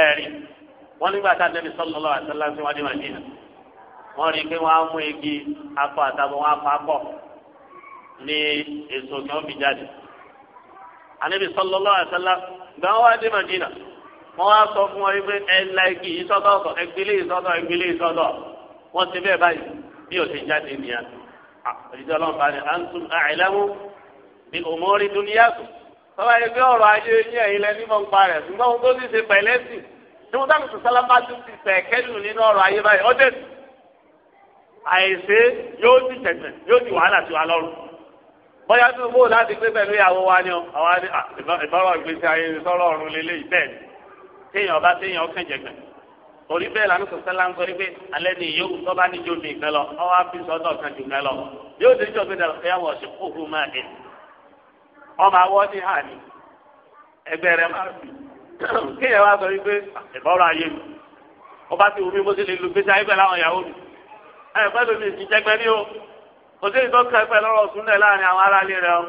S1: ẹ̀rí wọ́n nígbà tá nẹ́bí wájú màdínà wọ́n rí i pé wọ́n á mú igi akọ àtàbọ̀ wọn apá pọ̀ ní èso tí wọ́n fi jáde. àníbi sọlọ́lọ́ àtàlá gbà wọ́n wá dé Madina wọ́n wá sọ fún wọn wípé ẹ la igi yìí sọ́dọ̀ ọ̀tọ̀ ẹgbẹ́lẹ́ yìí sọ́dọ̀ ẹgbẹ́lẹ́ yìí sọ́dọ̀ wọ́n ti bẹ́ẹ̀ báyìí bí o ti jáde nìyà. òjijì ọlọ́run bá ní antum àìlẹ́mú bí òmórí dúníyàtò tọ́ba yìí pé ọ̀rọ̀ ayé yín ẹ̀yin lẹ́ni mọ̀ ń parẹ̀ ṣùgbọ́n ohun tó ti ṣe pẹ̀lẹ́sì ni mo dáhùn sọ́sálàmá tún ti sẹ̀kẹ́lù nínú ọ̀rọ̀ ayé báyìí ọ́ àìsè yóò ti tẹ̀tẹ̀ yóò ti wàhálà sí wa lọ́rùn bóyá tó bó láti pé pẹ̀lú ìyàwó wa ni àwa ni ìbọ̀rọ̀ ìgbésí ayé sọ̀rọ̀ ọ̀run lélẹ̀ bẹ́ẹ̀ ni téèyàn bá téèyàn kẹ̀jẹ̀gbẹ̀ orí bẹ́ẹ̀ lànà sọ̀tẹ́ la ń sọ wípé alẹ́ ni yóò tó bá níjó mi ìgbẹ́ lọ ọwọ́ àfi sọ́dọ̀ kan jù mẹ́ lọ yóò dé jọ gbẹdẹ ẹ wọ̀ sí kókó máa dé ọmọ awọ́ ní hà ní ẹgbẹ́ rẹ máa fi kéèyàn wá sọ wípé ìbọ̀rọ̀ ayé mi ọba ti wù mí mo ti lè lu gbèsè ayé pẹ̀lú àwọn ìyàwó mi ẹ pẹ̀lú mi ti jẹgbẹ ní o kò sí ìtọ́ kan pẹ̀lú ọ̀rọ̀ súnlẹ̀ láàrin àwọn aráàlú rẹ o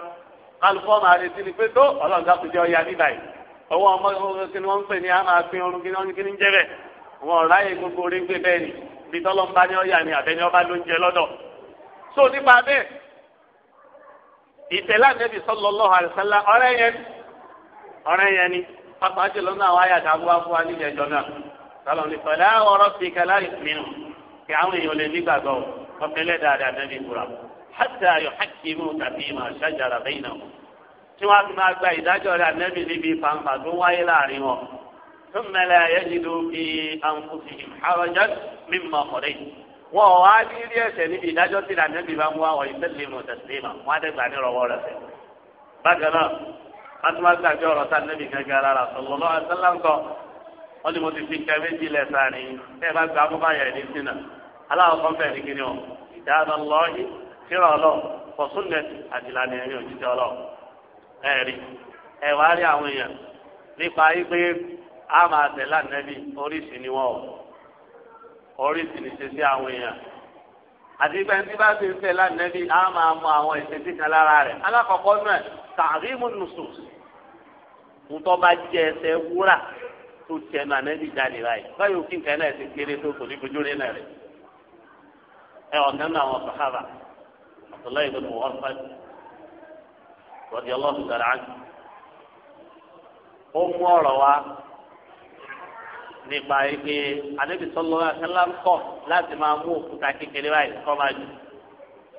S1: kálukọ́ máa retí ni pé tó ọlọ́run ká kùjọ ya ní báyìí ọwọ́ ọmọ kí ni wọ́n ń pè ní àmà pín orun kí ni wọ́n kí ni ń jẹ́ bẹ̀ wọn ò ráyè gbogbo orí gbé bẹ́ẹ̀ ni bí tọ́lọ́mbá ní ọ̀yà ni àbẹ́ni ọba ló ń jẹ lọ́dọ̀ so nípa bẹ́ẹ̀ ìtẹ̀lá nẹ́bí sallallahu alaihi ọ̀rẹ́ yẹn ni ọ̀rẹ́ yẹn ni pàpà jùlọ náà wáyà dàgbà fún wa nílẹ̀ ẹjọ́ náà sọlọ́ ní pẹ̀lú àwọn ọ̀rọ̀ fi kẹlá ìpinnu kí àwọn èèyàn lè nígbàgbọ́ ọ̀fẹ́lẹ́ dáadáa náà ní ìbúra hàtà ayọ̀ hàkì mú tàbí ìmọ̀ ṣájára bẹ́yìn náà tí wọ́n á fi máa gba ìdájọ́ rẹ̀ ànẹ́bì níbi fanfa tó wáyé láàrin wọn tó mẹ́lẹ̀ ayẹ́jìdó bí àǹfùsì ìhàrọ̀jọ́ mímọ́ ọ̀rẹ́ wọn ò wá ní rí ẹsẹ̀ níbi ìdájọ́ tí ànẹ́bì bá mú àwọn ìfẹ́lẹ́ mọ̀ tẹ̀sílẹ̀mọ̀ wọn á dẹ́gbà nírọ̀wọ́ rẹ̀ bákan náà a tún máa gbàgbé ọ̀rọ̀ aláwọ̀ kan bẹ̀rẹ̀ ní kíni o ìdáná lọ́ọ̀yì kíra ọlọ́ fọ̀súnlẹ̀ àdìlànà ẹ̀rí òjijì ọlọ́ ẹ̀rí ẹ̀ wá rí àwọn èèyàn nípa wípé a máa tẹ̀lé ànẹ́bí oríṣi ni wọ́n o oríṣi ni ṣe sí àwọn èèyàn àti pé ẹni bá ti ń tẹ̀lé ànẹ́bí a máa mọ àwọn ìṣesí kan lára rẹ̀ alákọ̀ọ́kọ́ náà tààrí múnusù ńtọ́ jẹ ẹsẹ̀ wúrà tó tẹnu ànẹ́bí jáde báyìí báyìí òkè nǹkan náà ti kéré tó kò ní náà rẹ̀ ẹ ọ̀kan náà wọn sàhábà abdullahi bin muhammad radiyallahu ta'ala anhu ó mú ọ̀rọ̀ wa nípa ike anabi sallallahu alaihi wasallam kọ̀ láti máa mú òkúta kékeré báyìí kọ́ máa jù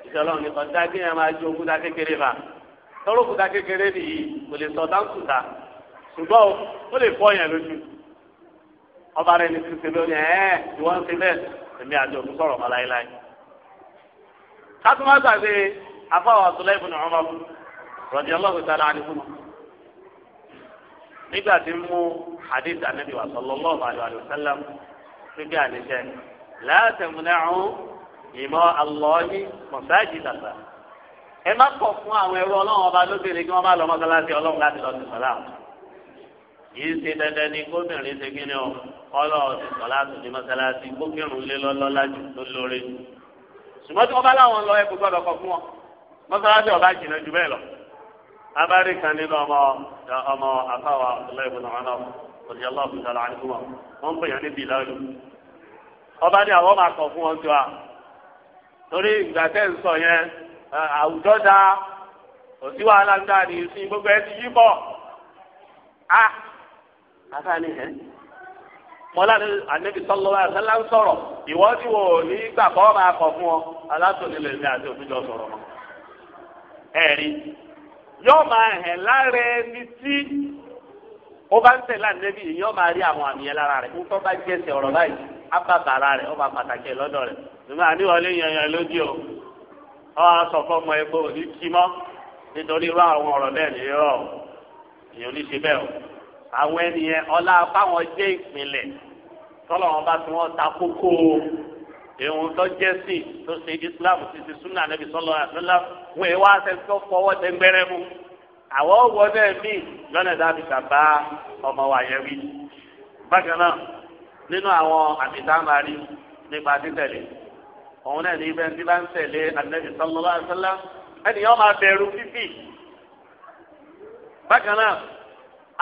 S1: ìṣọlọ́run nìkan dá kí ẹ máa ju òkúta kékeré bá tọ́rọ òkúta kékeré nìyí kò lè sọ dáńkùtà ṣùgbọ́n ó lè fọ́ yẹn lójú ọba rẹ̀ ní ti ṣe lónìí ẹ̀ ẹ́ ìwọ́n ń ṣe bẹ́ẹ̀ èmi àti òkú sọ̀rọ̀ mọ́ láéláé kátùmá gbàgbé afáwà Abdullahi ibn Umar radiyallahu ta'ala anhu nígbà tí ń mú hadith anabi wa sallallahu alayhi wa sallam fífi àníṣe la tamna'u ima Allahi masajidallah ẹ má kọ̀ fún àwọn ẹrú ọlọ́run ọba lóbìnrin kí wọ́n bá lọ mọ́sálásí ọlọ́run láti lọ sí sọ́lá yìí ṣe dandan ni gómìnrin ṣe kí ni ọ ọlọ́run sọ́lá ṣùgbọ́n tí wọ́n lọ ẹ̀kú gbọ́dọ̀ kọ fún wọn mọ́sálásí ọba jìnnà jù bẹ́ẹ̀ lọ. abárí kan nínú ọmọ ọmọ afáwa ọ̀sọ̀lẹ́yìn bùnà wọn náà òṣìṣẹ́ ọlọ́ọ̀bù sọ̀rọ̀ àti fún wọn pè yàn níbi ìlọ́lù. ọba ní àwọn máa kọ fún wọn jọ à torí ìgbà tẹ́ yẹn àwùjọ da òsì wàhálà ń dà ní ìsìn gbogbo ẹ ti yí bọ̀. a ah! àtàní ẹ̀ mọ́lá ní ànábì sọ́lọ́wọ́ àtàlà ń sọ̀rọ̀ ìwọ́dí wo ní gbà kọ́ máa kọ̀ fún ọ alátòlélẹ̀ ní àti òfin jọ sọ̀rọ̀ mọ́. ẹ̀rí yóò máa hẹ̀ lára ẹni tí ó bá ń tẹ̀lé ànábì yìí yóò máa rí àwọn àmì yẹn lára rẹ̀ nítorí bá jẹ́sẹ̀ ọ̀rọ̀ báyìí ábàbàrà rẹ̀ ó máa pàtàkì ẹ̀ lọ́dọ̀ rẹ̀ ṣùgbọ́n àníwọlé yẹn yẹn lójú o ọ sọ fún ọmọ ẹgbẹ́ òní kí nítorí irú àwọn ọ̀rọ̀ bẹ́ẹ̀ nìyẹn ọ̀ èèyàn ní bẹ́ẹ̀ o àwọn ènìyàn ọlá fáwọn jẹ́ ìpìlẹ̀ tọ́lọ̀ wọn bá fi wọ́n ta kókó ìhun tó jẹ́ sí tó ṣe islam ti ti súnà níbi sọ́lọ́ àtúnlá wọn èyí wá ṣe tó fọwọ́ tẹ gbẹrẹ mu àwọn ọwọ́ náà mí lọ́nà dábì bàbá ọmọ wa yẹn wí. bákan náà nínú àwọn àmì tá a máa rí nípa títẹ̀lé òun náà ní ibẹ̀ tí bá ń tẹ̀lé ànábì sọ́lọ́ àtúnlá ẹnìyàn máa bẹ̀rù fífì. bákan náà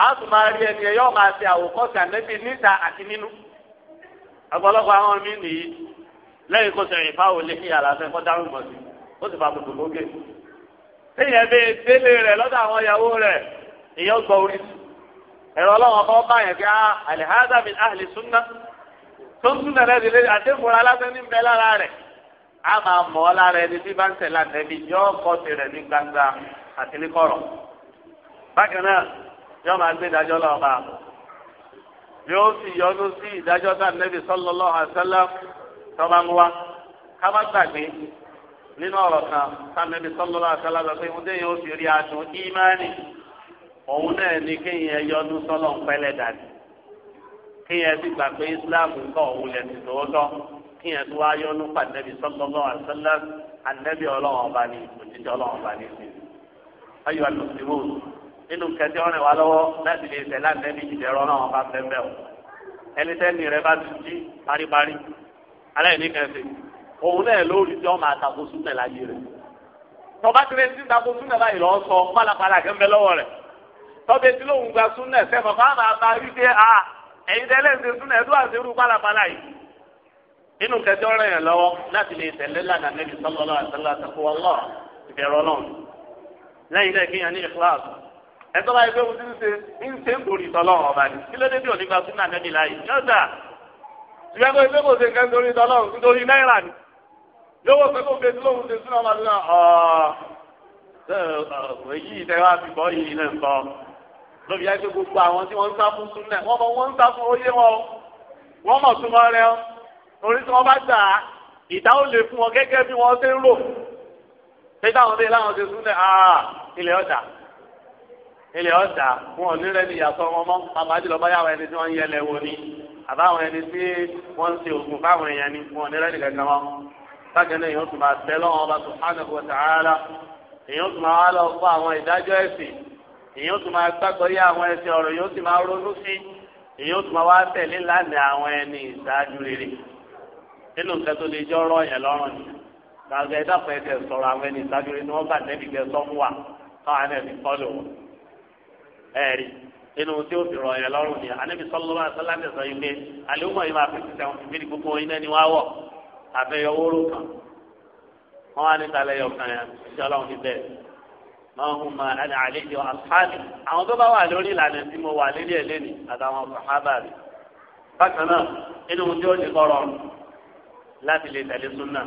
S1: a tún máa ẹni ẹ yóò máa ṣe àwòkọ́sí ànẹ́bí níta àti nínú ọ̀pọ̀lọpọ̀ àwọn mí nìyí lẹ́yìn kó sẹ̀yìn fáwọn olè kí àlàfẹ́ kọ́ dárú mọ̀ sí ó sì fa gbogbo gbòógè téèyàn bẹ délé rẹ lọ́dọ̀ àwọn ìyàwó rẹ orí yẹn kí ah, ahli sunna tó ń a máa lára ẹni tí bá ń tẹ̀lé yọ ní gbangba yọ máa gbé ìdájọ́ lọ́wọ́ bá yóò sì yọnu sí ìdájọ́ tá nẹ́bí sallallahu alaihi wasallam tó bá ń wá ká má gbàgbé nínú ọ̀rọ̀ kan tá nẹ́bí sallallahu alaihi wasallam lọ pé ọdẹ yóò fi rí adùn ìmánì òun náà ní kéèyàn yọnu sọ́lọ̀ ń pẹ́lẹ̀ dàdí kéèyàn ti gbà pé Islam ń kọ́ òun lẹ̀ sí tòótọ́ kéèyàn tó wá yọnu pa nẹ́bí sallallahu alaihi wasallam ànẹ́bí ọlọ́wọ́n ọba ní òjijì ọlọ́wọ́n ọba ní ìsìn ayọ̀ àlùsíwòsì nínú kẹtẹ ọrẹ wa lọ́wọ́ láti lè tẹ láti ẹni ìdẹrọ náà wọn bá fẹ bẹ o ẹni tẹni rẹ bá ti jí paripari alẹ ní kẹsì òun náà lórí tí wọn máa tako súnmẹ láyé rẹ tọba tí wọn ti tako súnmẹ báyìí lọ sọ pálapàla kẹmẹ lọ́wọ́ rẹ tọba tí lóun gba súnmẹ sẹfọ fún àwọn àbá yìí dé a ẹyin tẹlẹ ń ṣe súnmẹ ẹdún àti irú pálapàla yìí nínú kẹtẹ ọrẹ yẹn lọ́wọ́ láti lè tẹlẹ lánàá nẹbi sọlọ lọ ìkíláàsì ẹtọ́ báyìí pé wọ́n ti ń ṣe ń torí tọ́lọ́run ọba ni kí ló dé bí òní gba súnà nẹ́bí láàyè yóò dà ṣùgbọ́n pé pé kò ṣe nǹkan torí tọ́lọ́run nítorí náírà ni lówó pé kò fẹ́ lóhun ṣe súnà ọba lónà ọ̀ èyí ìtẹ́wà fi bọ́ yìí náà sọ lóbi yá pé gbogbo àwọn tí wọ́n ń sá fún súnà wọ́n mọ wọ́n ń sá fún oyé wọn wọ́n mọ̀ súnmọ́ rẹ orí tí wọ́n bá gbà á ìta ó lè fún wọn gẹ́gẹ́ bí wọ́n ṣe ń rò ṣé táwọn dé láwọn ṣe súnà ilẹ̀ ọ̀dà ilẹ̀ ọ̀dà wọn ò ní rẹ́ni ìyàtọ̀ wọn mọ́ pàápàá jùlọ báyà àwọn ẹni tí wọ́n ń yẹlẹ̀ wò ni àbáwọn ẹni tí wọ́n ń ṣe òògùn fáwọn èèyàn ni wọn ò ní rẹ́ni kankan mọ́ bákan náà èèyàn tún máa tẹ́ lọ́wọ́ ọba subhanahu wa ta'ala èèyàn tún máa lọ fún àwọn ìdájọ́ ẹ̀sìn èèyàn tún máa gbàgbọ́ yé àwọn ẹ̀sìn ọ̀rọ̀ yóò sì máa ronú sí èèyàn tún máa wá tẹ̀lé lánàá àwọn ẹni ìṣáájú rere nínú nǹkan tó lè jọ́ rọ̀ yẹn lọ́rùn ni gbàgbé ẹ̀dá fún sọ̀rọ̀ àwọn ẹni ìṣáájú rere ni wọ́n bá tẹ́lẹ̀ gbẹ sọ́mùwà káwọn ẹni ẹ̀sìn kọ́ lò wọ́n ẹ̀rí inú tí ó fi rọ̀ yẹn lọ́rùn ni anabi sọlọ́wọ́ asọ́lámi sọ yìí pé àlùmọ̀ yìí máa fi ti sẹ́wọ̀n fífi gbogbo iná ni wọ́n á wọ̀ àfẹ́yọ wóró kan wọ́n á ní talẹ̀ yọ kan yẹn tí ọlọ́run ti bẹ́ẹ̀ máa ń ma ẹni àlejò àfáàlì àwọn tó bá wà lórí ìlànà tí mo wà lórí ẹ̀ lẹ́nu àtàwọn sàhábà rẹ̀ bákan náà inú tí ó ti kọ́rọ̀ láti lè tẹ̀lé súnà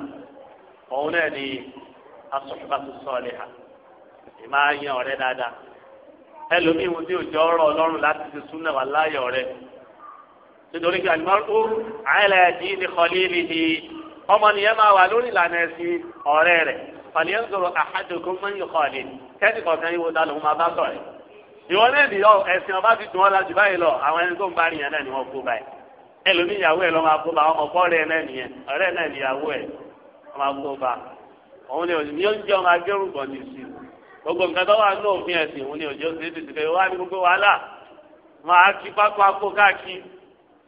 S1: òun náà ni asọ̀fẹ́ bá tó sọ ẹlòmíì wọn tí òjò ọ̀rọ̀ Ọlọ́run láti ti súnà wà láyọ̀ rẹ nítorí pé àlùmọ́tò àìlẹ̀ yìí ni khalilihi ọmọnìyàn máa wà lórí ìlànà ẹ̀sìn ọ̀rẹ́ rẹ̀ fàlíyàn sọ̀rọ̀ ahadukum man yukhali kẹ́nìkan kan yíwo dá lòun máa bá sọ̀rọ̀ ìwọ náà nìyọ ẹ̀sìn ọba ti dùn ọ́ láti báyìí lọ àwọn ẹni tó ń bá nìyẹn náà ni wọ́n kó báyìí ẹlòmíì ìyàwó ẹ̀ lọ́ máa kó bá ọmọ kọ́ọ̀rẹ́ náà nìyẹn ọ̀rẹ́ náà gbogbo nǹkan tó wà ní òfin ẹ̀sìn òun ni òjò ṣe é ti ti kẹ́ wá ní gbogbo wàhálà máa ti pápá kó káàkiri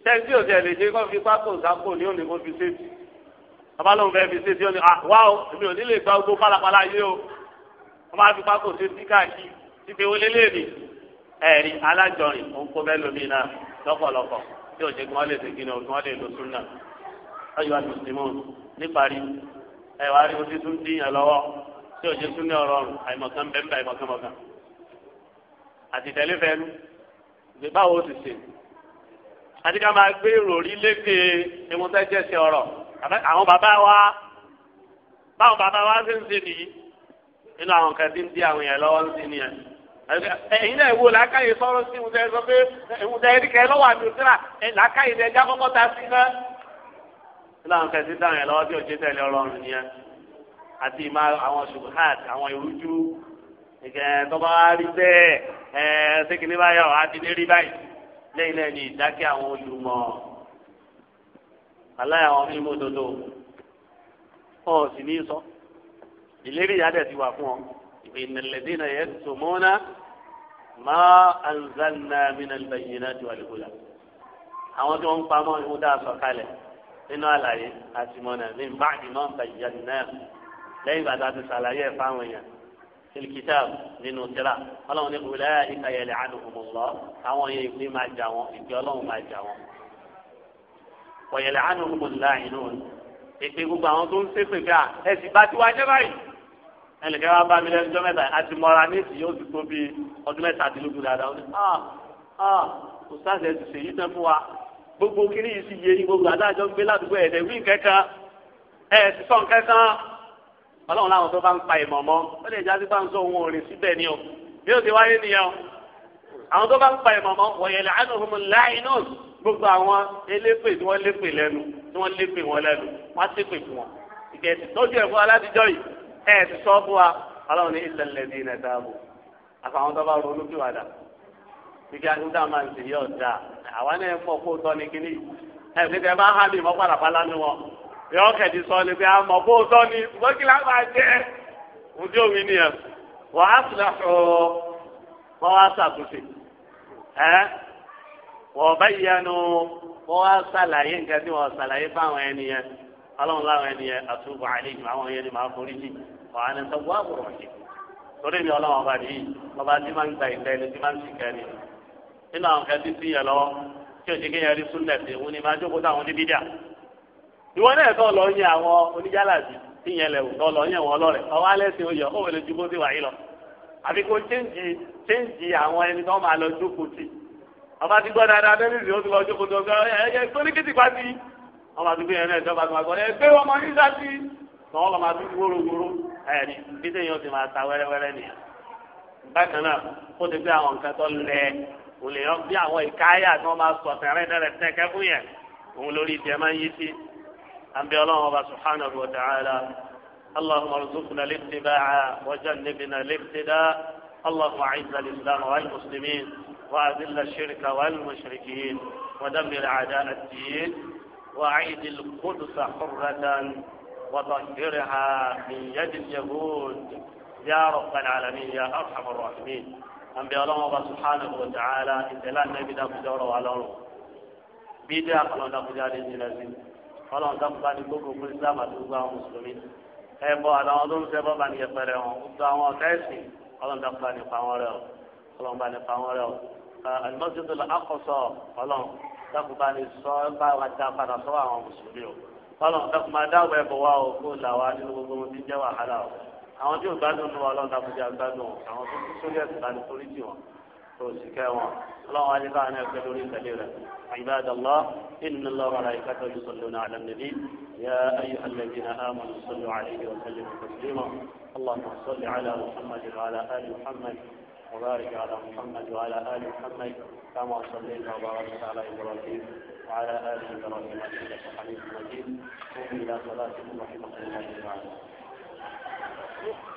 S1: sẹ́ńtì òsì ẹ̀ lè ṣe kó fi pápá òsápò ní òní kó fi ṣèṣì abalóhùn bẹ́ẹ̀ fi ṣèṣì òní wá o èmi ò ní lè gba gbogbo pálapàla yé o wọ́n máa fi pápá òṣèṣì káàkiri títí wọlé léèrè ẹ̀rí alájọrin òun kó bẹ́ẹ̀ lómi náà lọ́pọ̀lọpọ̀ tí òjò kí wọ́n lè ṣe kí ni òjò wọ́n lè lo súnà ọ̀yọ́ tí òjò tún ní ọ̀rọ̀ ọ̀rùn àìmọ̀kan bẹ́ẹ̀ bá àìmọ̀kan mọ̀kan àti tẹ̀lé fẹ́nu ìgbé báwo ti ṣe àti ká máa gbé ìròrí lékè ìmúṣẹ́jẹ́ ṣe ọ̀rọ̀ àwọn bàbá wa báwọn bàbá wa ṣe ń ṣe nìyí nínú àwọn nǹkan tí ń di àwọn yẹn lọ́wọ́ ń ṣe nìyẹn ẹ̀yin náà wo làákàyè sọ̀rọ̀ sí ìmúṣẹ́ sọ pé ìmúṣẹ́ yẹn kẹ́ lọ́wọ́ àmì òṣèlà làákàyè lẹ́jà kọ́kọ́ ta sí náà nínú àwọn nǹkan tí ń di yẹn lọ́wọ́ tí òjò àti ìmọ̀ àwọn ṣùgbọ́n àwọn ìrújú ìkẹ́ tọ́ba rí bẹ́ẹ̀ ẹ̀ ṣékìlì báyọ̀ àti lérí báyìí lẹ́yìn lẹ́yìn ní ìdákẹ́ àwọn olùmọ̀ aláya àwọn mímọ́ dodo ọ̀ sì ní sọ ìlérí ìyá dẹ̀ ti wà fún ọ ìnàlẹ́dínà yẹn tó mọ́nà má anzalna mina lẹ́yìn náà ti wà lẹ́kọ̀ọ́ àwọn tí wọ́n ń pamọ́ ìmúdá sọ nínú àlàyé àtìmọ́nà ní báyìí náà bàjẹ́ náà lẹ́yìn bàtà ti sàlàyé fáwọn èèyàn tìlìkìtàb nínú tírà ọlọ́run ní wùlẹ́ ìkàyẹ̀lẹ̀ àdùnkùnmọ̀lọ́ àwọn yẹn ìpín máa jà wọn ìpín ọlọ́run máa jà wọn. wọ̀yẹ̀lẹ̀ àdùnkùnmọ̀lá inú ìpè gbogbo àwọn tó ń ṣépè bí a ẹ̀sìn bá ti wá jẹ́ báyìí. ẹnìkan wá bá mi lẹ́nu ọjọ́ mẹ́ta àti mọ́ra ní ìsìn yóò ti tó bíi ọdún mẹ́ta àti lógun dáadáa ó ní ah ah kò sáà ti gbogbo kiri yìí sì yé gbogbo adájọ́ gbé ládùúgbò ẹ̀ẹ́dẹ̀ wí kẹ́kẹ́ ẹ̀ẹ́sì sọ̀n kẹ́kẹ́ ọlọ́run láwọn tó bá ń pa ìmọ̀ mọ́ ó lè já sí bá ń sọ ohun òrìn síbẹ̀ ni o bí ó ti wáyé nìyẹn o àwọn tó bá ń pa ìmọ̀ mọ́ wọ̀nyẹ̀lẹ̀ ànàhùnmù láìnọ́ọ̀ gbogbo àwọn elépè tí wọ́n lépè lẹ́nu tí wọ́n lépè wọn lẹ́nu wọ́n á ṣépè fún wọn ìkẹsì tọ́jú ẹ̀fọ́ aládìjọ́ yìí ẹ̀ ti sọ fún wa ọlọ́run ní ìṣẹ̀lẹ̀ ní ilẹ̀ dáàbò àfàwọn tó bá ronú kí wàdà gbígbé àdúgbò àmà ń ṣe yọ̀ dáa àwa yọ kẹ̀dí sọ ni pé àmọ̀ bó sọ ni ṣùgbọ́n kí lágbà jẹ́ ojú omi nìyẹn wọ́n á sì lọ́sọ̀ wọ́n wá ṣàtúnṣe ẹ́ wọ́n bá yẹnu wọ́n wá ṣàlàyé nǹkan tí wọ́n ṣàlàyé fáwọn ẹni yẹn ọlọ́run láwọn ẹni yẹn àtúbọ̀ àlejò àwọn yẹn ni màá forí jì wọ́n á ní wọ́n àbúrò ọ̀sẹ̀ torí mi ọlọ́run ọba nìyí ọba tí máa ń gba ìtẹ́ ẹni tí máa ń sìnkẹ́ ni nínú àwọn kẹ́tí sí yẹn lọ́wọ́ tí òṣèké yẹn rí súnlẹ̀ sí òun ni máa jókòó táwọn oníbídà ìwọ náà kọ́ lọ yẹn àwọn oníjàlàbí tí yẹn lẹ̀ lọ yẹn wọn lọ́rẹ̀ ọwọ́ alẹ́ sí oyè ó wẹ̀lẹ̀ ju bó ti lọ. àfi kó chéǹjì chéǹjì àwọn ẹni tó máa lọ jókòó tì ọba ti gbọ́ dáadáa bẹ́ẹ̀ nìyí ó ti lọ jókòó tó gbọ́ ẹ ẹ gbórí kìtì pa sí i wọ́n máa dúpẹ́ ẹ̀rẹ́ ìjọba tó máa gbọ́ ẹ gbé wọn mọ yín sáàtì wọ́n lọ máa dúpẹ́ wóróworó ẹ̀rí bí téèyàn ti máa ta wẹ́rẹ́wẹ́rẹ́ nìyẹn. bákan náà ó ti gbé àwọn nǹkan tó lẹ òlè bí àwọn ìkáyà tí máa sọ̀tẹ̀rẹ́ dẹ́rẹ́ tẹ́kẹ́ fún yẹn òun lórí ìjẹ́ máa ń yí sí أنبي الله سبحانه وتعالى اللهم ارزقنا الاتباع وجنبنا الابتداء اللهم اعز الاسلام والمسلمين واذل الشرك والمشركين ودمر اعداء الدين واعيد القدس حرة وطهرها من يد اليهود يا رب العالمين يا ارحم الراحمين انبياء الله سبحانه وتعالى إن لا نبي دابو دورو على بيدي اقلنا الى جنازين ọlọ́run tó ń bá ní gbogbo fún islam àti gbogbo àwọn mùsùlùmí ẹ̀bọ àtàwọn tó ń ṣe bọ́ba ní yẹpẹrẹ wọn gbogbo àwọn ọ̀tẹ́sì ọlọ́run tó ń bá nípa wọn rẹ o ọlọ́run bá nípa wọn rẹ o alimọ́sídùn akọ̀sọ ọlọ́run dákun bá ní sọ bá wa dá padà sọ́wọ́ àwọn mùsùlùmí o ọlọ́run dákun máa dáwọ̀ ẹ̀bọ̀ wa o kó là wá nínú gbogbo ohun tí jẹ́ wàhálà o àwọn tí ò gbádùn وسكاوى الله عليك أنا أكدوني كثيرا عباد الله إن الله وملائكته يصلون على النبي يا أيها الذين آمنوا صلوا عليه وسلموا تسليما اللهم صل على محمد وعلى آل محمد وبارك على محمد وعلى آل محمد كما صليت وباركت على إبراهيم وعلى آل إبراهيم إنك حميد مجيد قم إلى صلاتكم رحمة الله تعالى